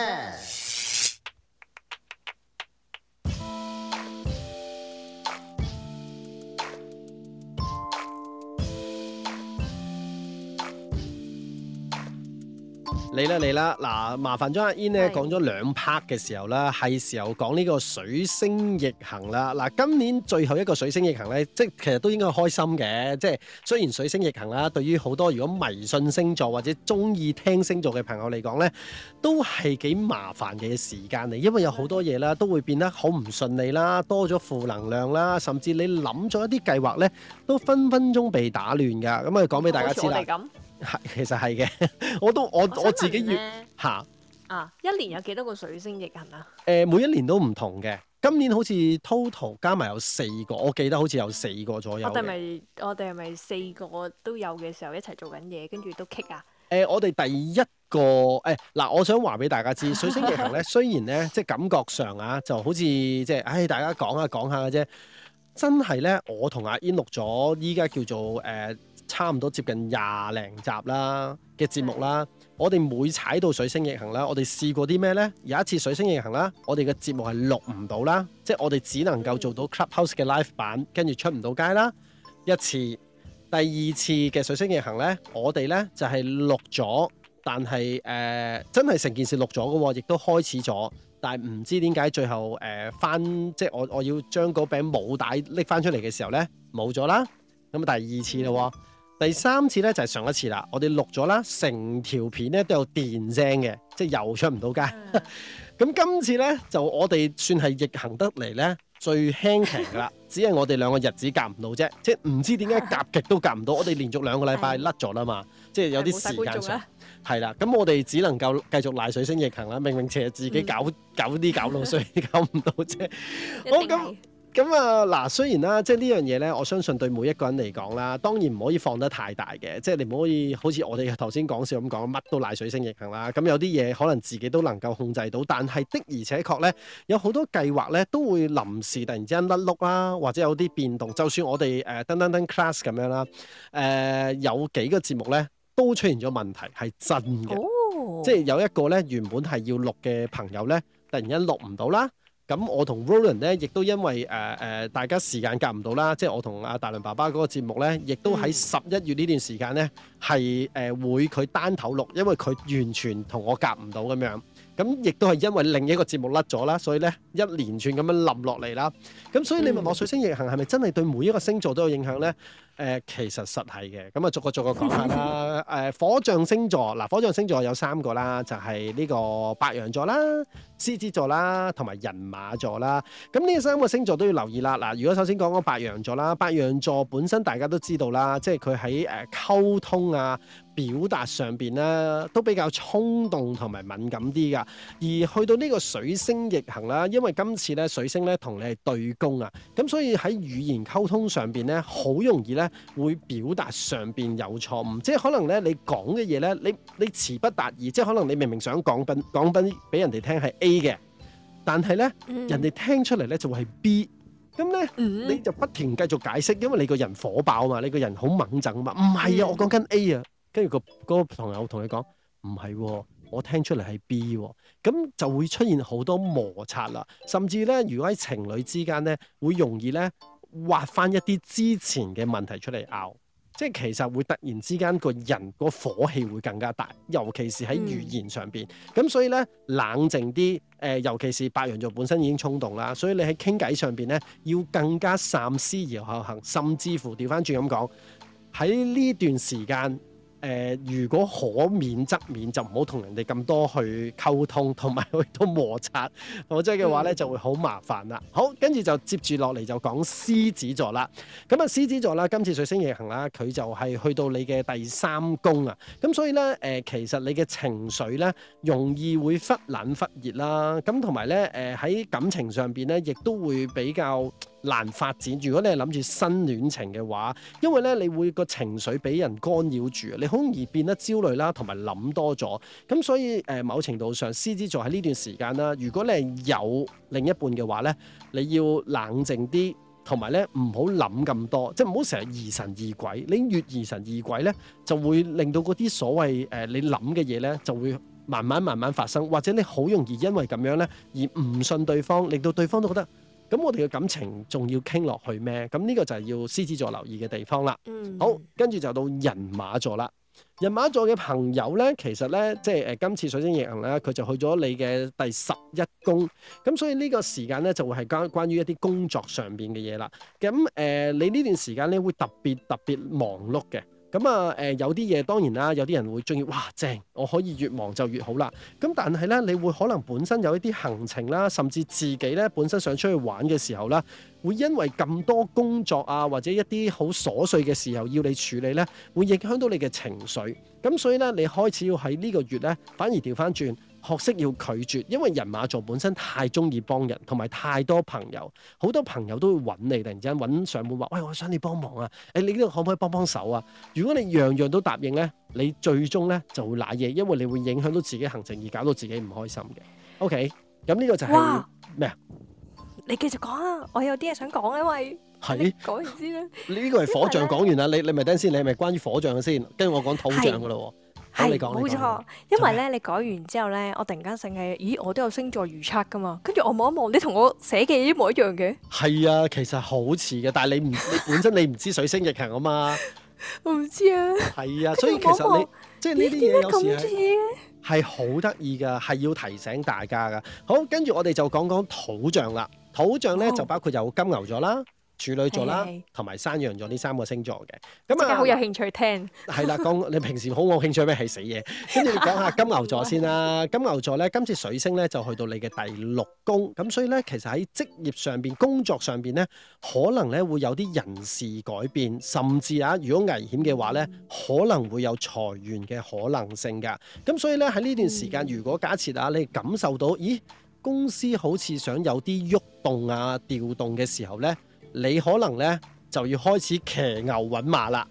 嚟啦嚟啦，嗱，麻煩咗阿 In 咧講咗兩 part 嘅時候啦，係時候講呢個水星逆行啦。嗱、啊，今年最後一個水星逆行咧，即係其實都應該開心嘅。即係雖然水星逆行啦，對於好多如果迷信星座或者中意聽星座嘅朋友嚟講咧，都係幾麻煩嘅時間嚟，因為有好多嘢啦，都會變得好唔順利啦，多咗負能量啦，甚至你諗咗一啲計劃咧，都分分鐘被打亂噶。咁啊，講俾大家知啦。其實係嘅。我都我我，我自己月嚇啊，一年有幾多個水星逆行啊？誒，每一年都唔同嘅。今年好似 total 加埋有四個，我記得好似有四個左右我是是。我哋係咪我哋係咪四個都有嘅時候一齊做緊嘢，跟住都 kick 啊！誒，我哋第一個誒嗱、哎，我想話俾大家知，水星逆行咧，雖然咧即係感覺上啊，就好似即係唉，大家講下講下嘅啫，真係咧，我同阿 In、e、錄咗依家叫做誒。呃差唔多接近廿零集啦嘅節目啦，我哋每踩到水星逆行啦，我哋試過啲咩呢？有一次水星逆行啦，我哋嘅節目係錄唔到啦，即係我哋只能夠做到 clubhouse 嘅 live 版，跟住出唔到街啦一次。第二次嘅水星逆行呢，我哋呢就係、是、錄咗，但係誒、呃、真係成件事錄咗嘅喎，亦都開始咗，但係唔知點解最後誒、呃、翻，即係我我要將嗰餅冇帶拎翻出嚟嘅時候呢，冇咗啦。咁第二次嘞喎。第三次咧就係、是、上一次啦，我哋錄咗啦，成條片咧都有電聲嘅，即係又出唔到街。咁、 嗯嗯、今次咧就我哋算係逆行得嚟咧最輕奇噶啦， 只係我哋兩個日子夾唔到啫，即係唔知點解夾極都夾唔到。我哋連續兩個禮拜甩咗啊嘛， 即係有啲時間上係啦。咁、啊嗯、我哋只能夠繼續賴水星逆行啦，明明其實自己搞、嗯、 搞啲搞到所以搞唔到啫，我 咁、嗯。那咁啊，嗱，雖然啦，即係呢樣嘢咧，我相信對每一個人嚟講啦，當然唔可以放得太大嘅，即係你唔可以好似我哋頭先講笑咁講，乜都賴水星逆行啦。咁有啲嘢可能自己都能夠控制到，但係的而且確咧，有好多計劃咧都會臨時突然之間甩碌啦，或者有啲變動。就算我哋誒登登登 class 咁樣啦，誒、呃、有幾個節目咧都出現咗問題，係真嘅，即係有一個咧原本係要錄嘅朋友咧，突然間錄唔到啦。咁我同 Roland 咧，亦都因為誒誒、呃呃，大家時間夾唔到啦，即係我同阿大倫爸爸嗰個節目咧，亦都喺十一月呢段時間咧，係誒、呃、會佢單頭錄，因為佢完全同我夾唔到咁樣。咁亦都係因為另一個節目甩咗啦，所以咧一連串咁樣冧落嚟啦。咁所以你問我《水星逆行》係咪真係對每一個星座都有影響咧？誒，其實實係嘅。咁啊，逐個逐個講下啦。誒，火象星座嗱，火象星座有三個啦，就係呢個白羊座啦、獅子座啦，同埋人馬座啦。咁呢三個星座都要留意啦。嗱，如果首先講講白羊座啦，白羊座本身大家都知道啦，即係佢喺誒溝通啊。表達上邊咧都比較衝動同埋敏感啲噶，而去到呢個水星逆行啦，因為今次咧水星咧同你係對攻啊，咁所以喺語言溝通上邊咧好容易咧會表達上邊有錯誤，即係可能咧你講嘅嘢咧你你詞不達意，即係可能你明明想講緊講緊俾人哋聽係 A 嘅，但係咧、嗯、人哋聽出嚟咧就會、是、係 B，咁咧、嗯、你就不停繼續解釋，因為你個人火爆啊嘛，你個人好猛憎啊嘛，唔係啊，我講緊 A 啊。跟住個嗰個朋友同你講，唔係、哦、我聽出嚟係 B 喎、哦，咁就會出現好多摩擦啦。甚至咧，如果喺情侶之間咧，會容易咧挖翻一啲之前嘅問題出嚟拗，即係其實會突然之間個人個火氣會更加大，尤其是喺語言上邊。咁、嗯、所以咧，冷靜啲誒，尤其是白羊座本身已經衝動啦，所以你喺傾偈上邊咧要更加三思而後行，甚至乎調翻轉咁講喺呢段時間。誒、呃，如果可免則免，就唔好同人哋咁多去溝通，同埋去到摩擦，或者嘅話咧，就會好麻煩啦。好，跟住就接住落嚟就講獅子座啦。咁啊，獅子座啦，今次水星逆行啦，佢就係去到你嘅第三宮啊。咁所以咧，誒、呃，其實你嘅情緒咧，容易會忽冷忽熱啦。咁同埋咧，誒喺、呃、感情上邊咧，亦都會比較難發展。如果你係諗住新戀情嘅話，因為咧，你會個情緒俾人干擾住，你好容易變得焦慮啦，同埋諗多咗。咁所以誒、呃，某程度上獅子座喺呢段時間啦，如果你係有另一半嘅話咧，你要冷靜啲，同埋咧，唔好諗咁多，即係唔好成日疑神疑鬼。你越疑神疑鬼咧，就會令到嗰啲所謂誒、呃、你諗嘅嘢咧，就會慢慢慢慢發生，或者你好容易因為咁樣咧而唔信對方，令到對方都覺得。咁我哋嘅感情仲要傾落去咩？咁呢個就係要獅子座留意嘅地方啦。嗯、好，跟住就到人馬座啦。人馬座嘅朋友咧，其實咧即係誒、呃、今次水星逆行咧，佢就去咗你嘅第十一宮。咁所以呢個時間咧就會係關關於一啲工作上面嘅嘢啦。咁誒、呃，你呢段時間咧會特別特別忙碌嘅。咁啊，誒、呃、有啲嘢當然啦，有啲人會中意，哇，正，我可以越忙就越好啦。咁但係咧，你會可能本身有一啲行程啦，甚至自己咧本身想出去玩嘅時候啦，會因為咁多工作啊，或者一啲好瑣碎嘅時候要你處理咧，會影響到你嘅情緒。咁所以咧，你開始要喺呢個月咧，反而調返轉。學識要拒絕，因為人馬座本身太中意幫人，同埋太多朋友，好多朋友都會揾你突然之間揾上門話，喂，我想你幫忙啊！誒，你呢度可唔可以幫幫手啊？如果你樣樣都答應咧，你最終咧就會瀨嘢，因為你會影響到自己行程而搞到自己唔開心嘅。OK，咁呢個就係咩啊？你繼續講啊！我有啲嘢想講，因為係講是完先啦。呢個係火象講完啦，你你咪等先，你係咪關於火象嘅先？跟住我講土象噶啦係冇錯，因為咧你改完之後咧，我突然間醒起，咦，我都有星座預測噶嘛，跟住我望一望，你同我寫嘅嘢，一模一樣嘅。係啊，其實好似嘅，但係你唔你 本身你唔知水星逆行啊嘛， 我唔知啊。係啊，所以其實你看看即係呢啲嘢咁似係好得意噶，係要提醒大家噶。好，跟住我哋就講講土象啦。土象咧就包括有金牛座啦。哦處女座啦，同埋山羊座呢三個星座嘅，咁啊好有興趣聽。係 啦，講你平時好冇興趣咩？係死嘢。跟住講下金牛座先啦，啊。 金牛座呢，今次水星呢，就去到你嘅第六宮，咁所以呢，其實喺職業上邊，工作上邊呢，可能呢會有啲人事改變，甚至啊，如果危險嘅話呢，可能會有裁員嘅可能性㗎。咁所以呢，喺呢段時間，如果假設啊，你感受到，咦，公司好似想有啲喐動，動啊，調動嘅時候呢。你可能咧就要開始騎牛揾馬啦，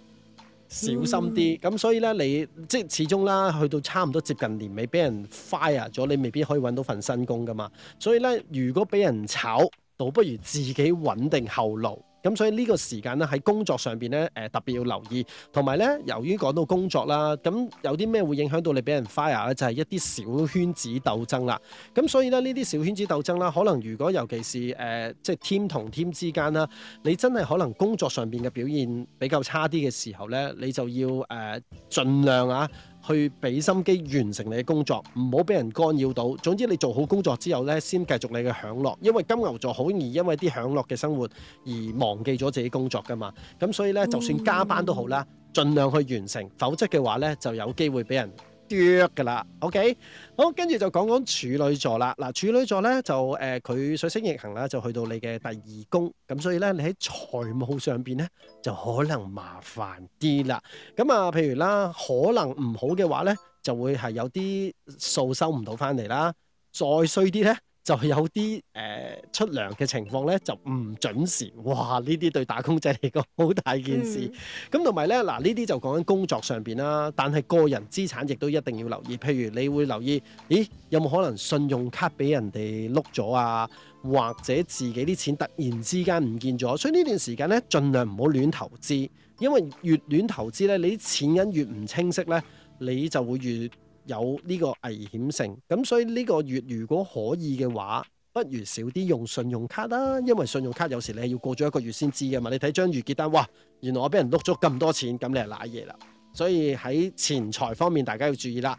小心啲。咁、嗯、所以咧，你即係始終啦，去到差唔多接近年尾，俾人 fire 咗，你未必可以揾到份新工噶嘛。所以咧，如果俾人炒，倒不如自己穩定後路。咁所以呢個時間咧，喺工作上邊咧，誒特別要留意，同埋咧由於講到工作啦，咁有啲咩會影響到你俾人 fire 咧？就係一啲小圈子鬥爭啦。咁所以咧呢啲小圈子鬥爭啦，可能如果尤其是誒即、呃、係、就是、team 同 team 之間啦，你真係可能工作上邊嘅表現比較差啲嘅時候咧，你就要誒、呃、盡量啊。去俾心機完成你嘅工作，唔好俾人干擾到。總之你做好工作之後呢，先繼續你嘅享樂，因為金牛座好易因為啲享樂嘅生活而忘記咗自己工作噶嘛。咁所以呢，就算加班都好啦，盡量去完成，否則嘅話呢，就有機會俾人約噶啦，OK，好，跟住就講講處女座啦。嗱，處女座咧就誒，佢、呃、水星逆行啦，就去到你嘅第二宮，咁所以咧，你喺財務上面咧就可能麻煩啲啦。咁啊，譬如啦，可能唔好嘅話咧，就會係有啲數收唔到返嚟啦。再衰啲咧。就有啲誒、呃、出糧嘅情況呢，就唔準時，哇！呢啲對打工仔嚟講好大件事。咁同埋呢，嗱呢啲就講緊工作上邊啦。但係個人資產亦都一定要留意，譬如你會留意，咦有冇可能信用卡俾人哋碌咗啊？或者自己啲錢突然之間唔見咗，所以呢段時間呢，盡量唔好亂投資，因為越亂投資呢，你錢銀越唔清晰呢，你就會越。有呢個危險性，咁所以呢個月如果可以嘅話，不如少啲用信用卡啦，因為信用卡有時你係要過咗一個月先知㗎嘛。你睇張預結單，哇，原來我俾人碌咗咁多錢，咁你係賴嘢啦。所以喺錢財方面，大家要注意啦。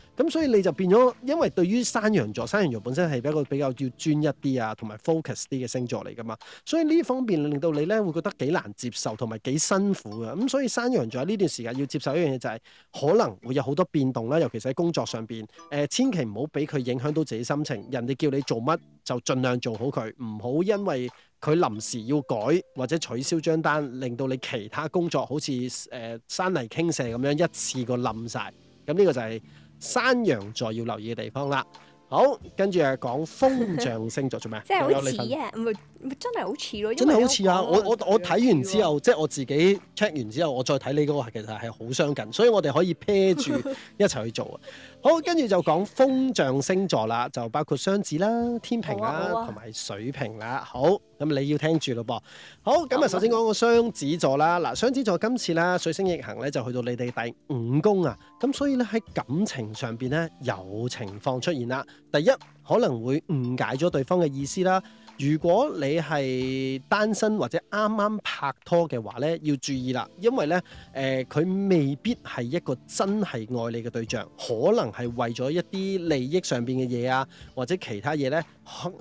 咁所以你就變咗，因為對於山羊座，山羊座本身係一個比較要專一啲啊，同埋 focus 啲嘅星座嚟噶嘛，所以呢方面令到你咧會覺得幾難接受，同埋幾辛苦嘅。咁所以山羊座喺呢段時間要接受一樣嘢就係、是、可能會有好多變動啦，尤其是喺工作上邊。誒、呃，千祈唔好俾佢影響到自己心情，人哋叫你做乜就盡量做好佢，唔好因為佢臨時要改或者取消張單，令到你其他工作好似誒、呃、山泥傾瀉咁樣一次過冧晒。咁呢個就係、是。山羊座要留意嘅地方啦，好，跟住又講風象星座做咩啊？即係好似啊，唔係唔係真係好似咯，真係好似啊！哥哥我我我睇完之後，啊、即係我自己 check 完之後，我再睇你嗰個，其實係好相近，所以我哋可以 pair 住一齊去做啊。 好，跟住就講風象星座啦，就包括雙子啦、天秤啦，同埋、啊啊、水瓶啦。好，咁你要聽住咯噃。好，咁啊，首先講個雙子座啦，嗱、啊，雙子座今次啦，水星逆行咧就去到你哋第五宮啊，咁所以咧喺感情上面咧有情況出現啦。第一可能會誤解咗對方嘅意思啦。如果你係單身或者啱啱拍拖嘅話呢，要注意啦，因為呢，誒、呃、佢未必係一個真係愛你嘅對象，可能係為咗一啲利益上面嘅嘢啊，或者其他嘢呢，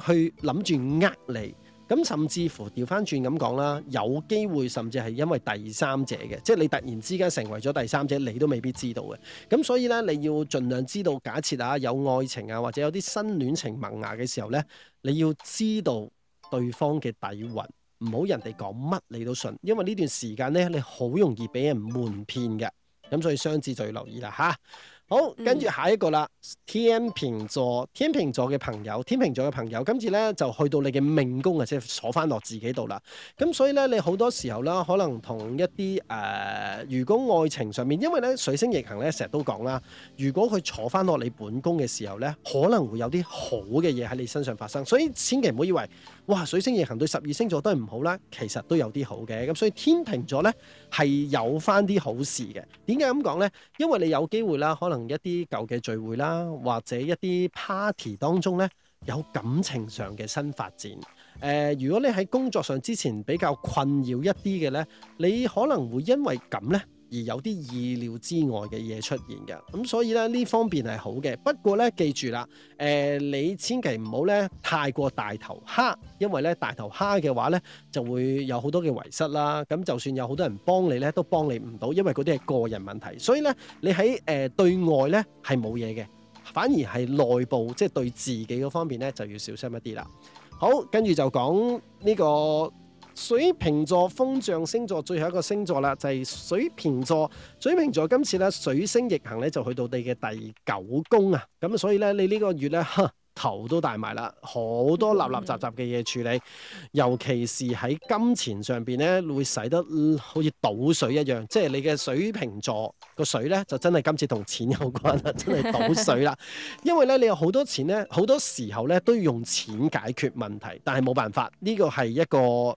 去諗住呃你。咁甚至乎掉返轉咁講啦，有機會甚至係因為第三者嘅，即係你突然之間成為咗第三者，你都未必知道嘅。咁所以呢，你要盡量知道，假設啊有愛情啊，或者有啲新戀情萌芽嘅時候呢。你要知道對方嘅底藴，唔好人哋講乜你都信，因為呢段時間呢，你好容易俾人瞞騙嘅，咁所以雙子就要留意啦嚇。好，跟住下一個啦。嗯、天秤座，天秤座嘅朋友，天秤座嘅朋友，今次咧就去到你嘅命宮啊，即係坐翻落自己度啦。咁所以咧，你好多時候啦，可能同一啲誒、呃，如果愛情上面，因為咧水星逆行咧，成日都講啦，如果佢坐翻落你本宮嘅時候咧，可能會有啲好嘅嘢喺你身上發生。所以千祈唔好以為，哇，水星逆行對十二星座都係唔好啦，其實都有啲好嘅。咁所以天秤座咧係有翻啲好事嘅。點解咁講咧？因為你有機會啦，可能。一啲舊嘅聚會啦，或者一啲 party 當中呢，有感情上嘅新發展。誒、呃，如果你喺工作上之前比較困擾一啲嘅呢，你可能會因為咁呢。而有啲意料之外嘅嘢出現嘅，咁所以咧呢方面係好嘅。不過咧記住啦，誒、呃、你千祈唔好咧太過大頭蝦，因為咧大頭蝦嘅話咧就會有好多嘅遺失啦。咁就算有好多人幫你咧，都幫你唔到，因為嗰啲係個人問題。所以咧你喺誒、呃、對外咧係冇嘢嘅，反而係內部即係、就是、對自己嗰方面咧就要小心一啲啦。好，跟住就講呢、這個。水瓶座、風象星座最後一個星座啦，就係、是、水瓶座。水瓶座今次咧水星逆行咧就去到你嘅第九宮啊，咁所以咧你呢個月咧，嚇頭都大埋啦，好多立立雜雜嘅嘢處理，尤其是喺金錢上邊咧會使得、呃、好似倒水一樣，即係你嘅水瓶座個水咧就真係今次同錢有關啦，真係倒水啦， 因為咧你有好多錢咧，好多時候咧都要用錢解決問題，但係冇辦法，呢、這個係一個。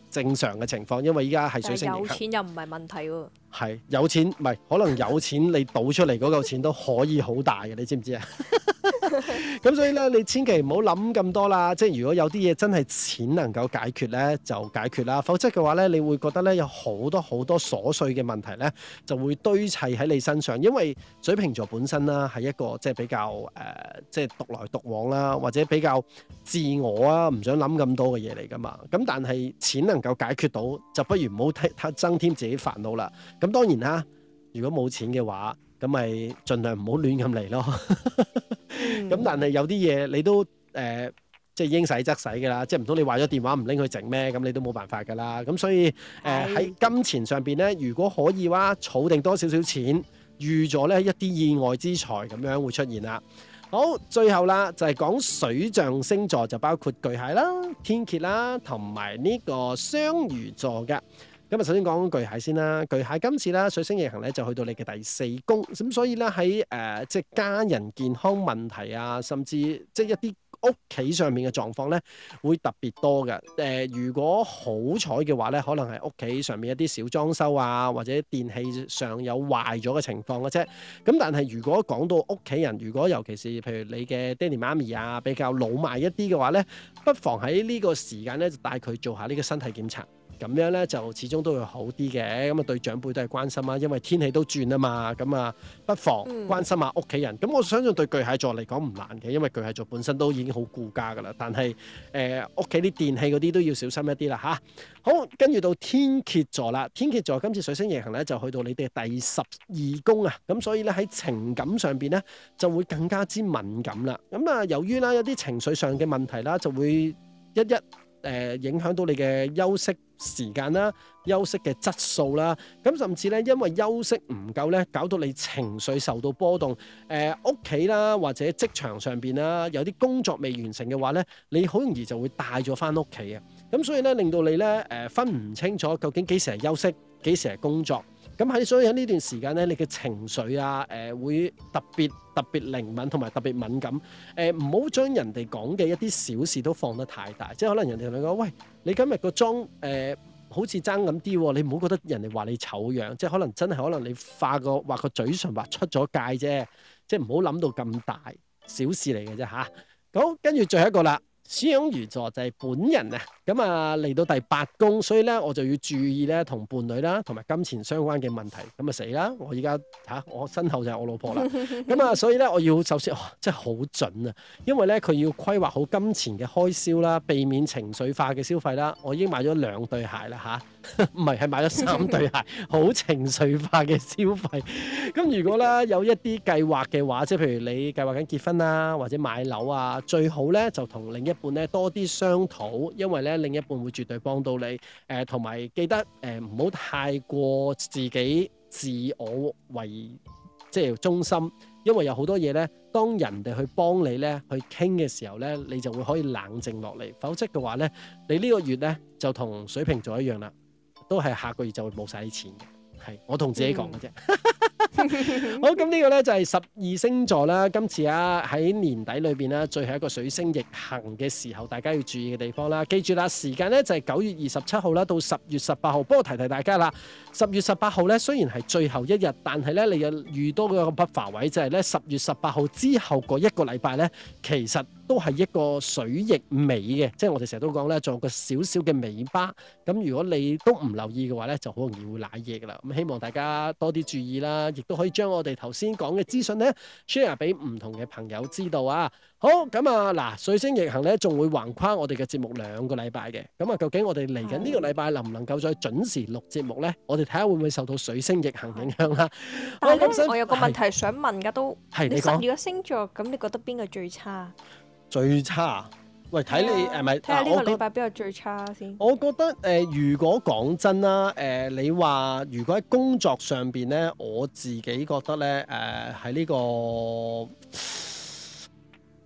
正常嘅情況，因為依家係水星逆行。有錢又唔係問題喎。係有錢，唔係可能有錢，你賭出嚟嗰嚿錢都可以好大嘅，你知唔知啊？咁 所以咧，你千祈唔好諗咁多啦。即係如果有啲嘢真係錢能夠解決咧，就解決啦。否則嘅話咧，你會覺得咧有好多好多瑣碎嘅問題咧就會堆砌喺你身上。因為水瓶座本身啦係一個即係比較誒即係獨來獨往啦，或者比較自我啊，唔想諗咁多嘅嘢嚟噶嘛。咁但係錢能夠解決到，就不如唔好睇，增添自己煩惱啦。咁當然啦、啊，如果冇錢嘅話，咁咪盡量唔好亂咁嚟咯。咁 但係有啲嘢你都誒、呃，即係應使則使噶啦，即係唔通你壞咗電話唔拎去整咩？咁你都冇辦法噶啦。咁所以誒喺、呃、金錢上邊咧，如果可以哇、啊，儲定多少少錢，預咗咧一啲意外之財咁樣會出現啦。好，最後啦，就係、是、講水象星座，就包括巨蟹啦、天蠍啦，同埋呢個雙魚座嘅。咁啊，首先講巨蟹先啦。巨蟹今次啦，水星逆行咧，就去到你嘅第四宮，咁所以咧喺誒，即係家人健康問題啊，甚至即係一啲屋企上面嘅狀況咧，會特別多嘅。誒、呃，如果好彩嘅話咧，可能係屋企上面一啲小裝修啊，或者電器上有壞咗嘅情況嘅啫。咁但係如果講到屋企人，如果尤其是譬如你嘅爹哋媽咪啊，比較老邁一啲嘅話咧，不妨喺呢個時間咧，就帶佢做下呢個身體檢查。咁樣咧就始終都會好啲嘅，咁啊對長輩都係關心啦，因為天氣都轉啊嘛，咁啊不妨關心下屋企人。咁、嗯、我相信對巨蟹座嚟講唔難嘅，因為巨蟹座本身都已經好顧家噶啦。但係誒屋企啲電器嗰啲都要小心一啲啦吓，好，跟住到天蠍座啦，天蠍座今次水星逆行咧就去到你哋第十二宮啊，咁所以咧喺情感上邊咧就會更加之敏感啦。咁啊由於啦有啲情緒上嘅問題啦，就會一一誒影響到你嘅休息。時間啦，休息嘅質素啦，咁甚至咧，因為休息唔夠咧，搞到你情緒受到波動。誒、呃，屋企啦，或者職場上邊啦，有啲工作未完成嘅話咧，你好容易就會帶咗返屋企啊。咁所以咧，令到你咧誒分唔清楚究竟幾時係休息，幾時係工作。咁喺，所以喺呢段時間咧，你嘅情緒啊，誒、呃、會特別特別靈敏同埋特別敏感。誒唔好將人哋講嘅一啲小事都放得太大，即係可能人哋同你講，喂，你今日個妝誒、呃、好似爭咁啲喎，你唔好覺得人哋話你醜樣，即係可能真係可能你化個畫個嘴唇畫出咗界啫，即係唔好諗到咁大，小事嚟嘅啫吓，好，跟住最後一個啦。雙魚座就係本人啊，咁啊嚟到第八宮，所以咧我就要注意咧同伴侶啦，同埋金錢相關嘅問題，咁啊死啦！我而家吓，我身後就係我老婆啦，咁 啊所以咧我要首先、啊、真係好準啊，因為咧佢要規劃好金錢嘅開銷啦，避免情緒化嘅消費啦，我已經買咗兩對鞋啦嚇。啊。唔係，係 買咗三對鞋，好情緒化嘅消費。咁 如果咧有一啲計劃嘅話，即係譬如你計劃緊結婚啊，或者買樓啊，最好咧就同另一半咧多啲商討，因為咧另一半會絕對幫到你。誒、呃，同埋記得誒唔好太過自己自我為，即係中心。因為有好多嘢咧，當人哋去幫你咧去傾嘅時候咧，你就會可以冷靜落嚟。否則嘅話咧，你呢個月咧就同水瓶座一樣啦。都係下個月就會冇晒啲錢嘅，係我同自己講嘅啫。嗯、 好，咁呢個呢就係十二星座啦。今次啊喺年底裏邊啦，最後一個水星逆行嘅時候，大家要注意嘅地方啦。記住啦，時間呢就係九月二十七號啦，到十月十八號。不過提提大家啦，十月十八號呢，雖然係最後一日，但係呢，你嘅遇多個不凡位就係呢十月十八號之後嗰一個禮拜呢，其實。都係一個水逆尾嘅，即係我哋成日都講咧，仲有個少少嘅尾巴。咁如果你都唔留意嘅話咧，就好容易會瀨嘢噶啦。咁希望大家多啲注意啦，亦都可以將我哋頭先講嘅資訊咧 share 俾唔同嘅朋友知道啊。好，咁啊嗱，水星逆行咧，仲會橫跨我哋嘅節目兩個禮拜嘅。咁啊，究竟我哋嚟緊呢個禮拜能唔能夠再準時錄節目咧？我哋睇下會唔會受到水星逆行影響啦。但係咧，哦、我有個問題想問噶，是都你你十二個星座，咁你覺得邊個最差？最差？喂，睇你係咪？睇下呢個禮拜邊個最差先？我覺得誒、呃，如果講真啦，誒、呃，你話如果喺工作上邊咧，我自己覺得咧，誒、呃，喺呢、呢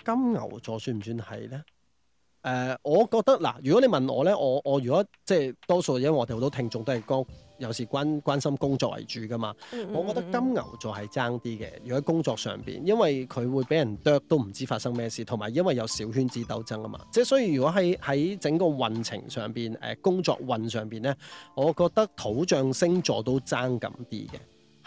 個金牛座算唔算係咧？誒、呃，我覺得嗱、呃，如果你問我咧，我我如果即係多數，因為我哋好多聽眾都係講。有時關關心工作為主噶嘛， 我覺得金牛座係爭啲嘅，如果工作上邊，因為佢會俾人啄，都唔知發生咩事，同埋因為有小圈子鬥爭啊嘛，即係所以如果喺喺整個運程上邊，誒、呃、工作運上邊咧，我覺得土象星座都爭咁啲嘅。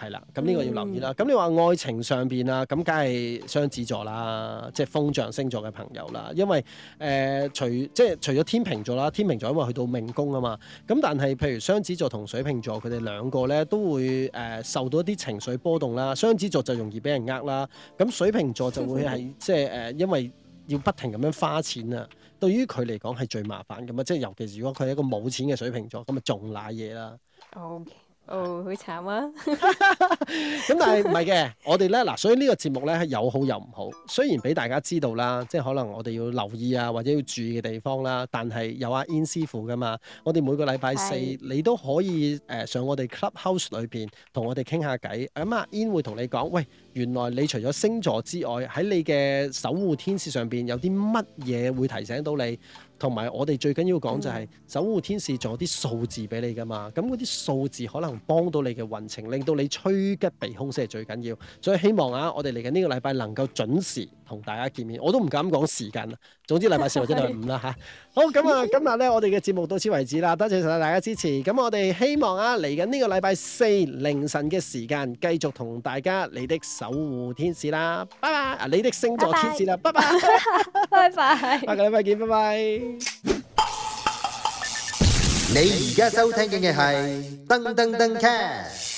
係啦，咁呢個要留意啦。咁你話愛情上邊啊，咁梗係雙子座啦，即係風象星座嘅朋友啦。因為誒、呃，除即係除咗天秤座啦，天秤座因為去到命宮啊嘛。咁但係譬如雙子座同水瓶座，佢哋兩個咧都會誒、呃、受到一啲情緒波動啦。雙子座就容易俾人呃啦。咁水瓶座就會係 即係誒，因為要不停咁樣花錢啊。對於佢嚟講係最麻煩噶嘛。即係尤其是如果佢係一個冇錢嘅水瓶座，咁咪仲賴嘢啦。 哦，好慘啊！咁 但係唔係嘅，我哋咧嗱，所以呢個節目咧有好有唔好，雖然俾大家知道啦，即係可能我哋要留意啊或者要注意嘅地方啦、啊，但係有阿 In 師傅噶嘛，我哋每個禮拜四是你都可以誒、呃、上我哋 Clubhouse 裏邊同我哋傾下偈，咁阿 In 會同你講，喂，原來你除咗星座之外，喺你嘅守護天使上邊有啲乜嘢會提醒到你。同埋我哋最緊要講就係守護天使做啲數字俾你㗎嘛，咁嗰啲數字可能幫到你嘅運程，令到你趨吉避凶先係最緊要，所以希望啊，我哋嚟緊呢個禮拜能夠準時，同大家見面，我都唔敢講時間啦。總之禮拜四或者禮拜五啦吓。好咁 啊，今日咧我哋嘅節目到此為止啦。多謝晒大家支持。咁我哋希望啊，嚟緊呢個禮拜四凌晨嘅時間，繼續同大家你的守護天使啦。拜拜，你的星座天使啦。拜拜，拜拜。 拜拜 下個禮拜見，拜拜。你而家收聽緊嘅係噔噔噔 c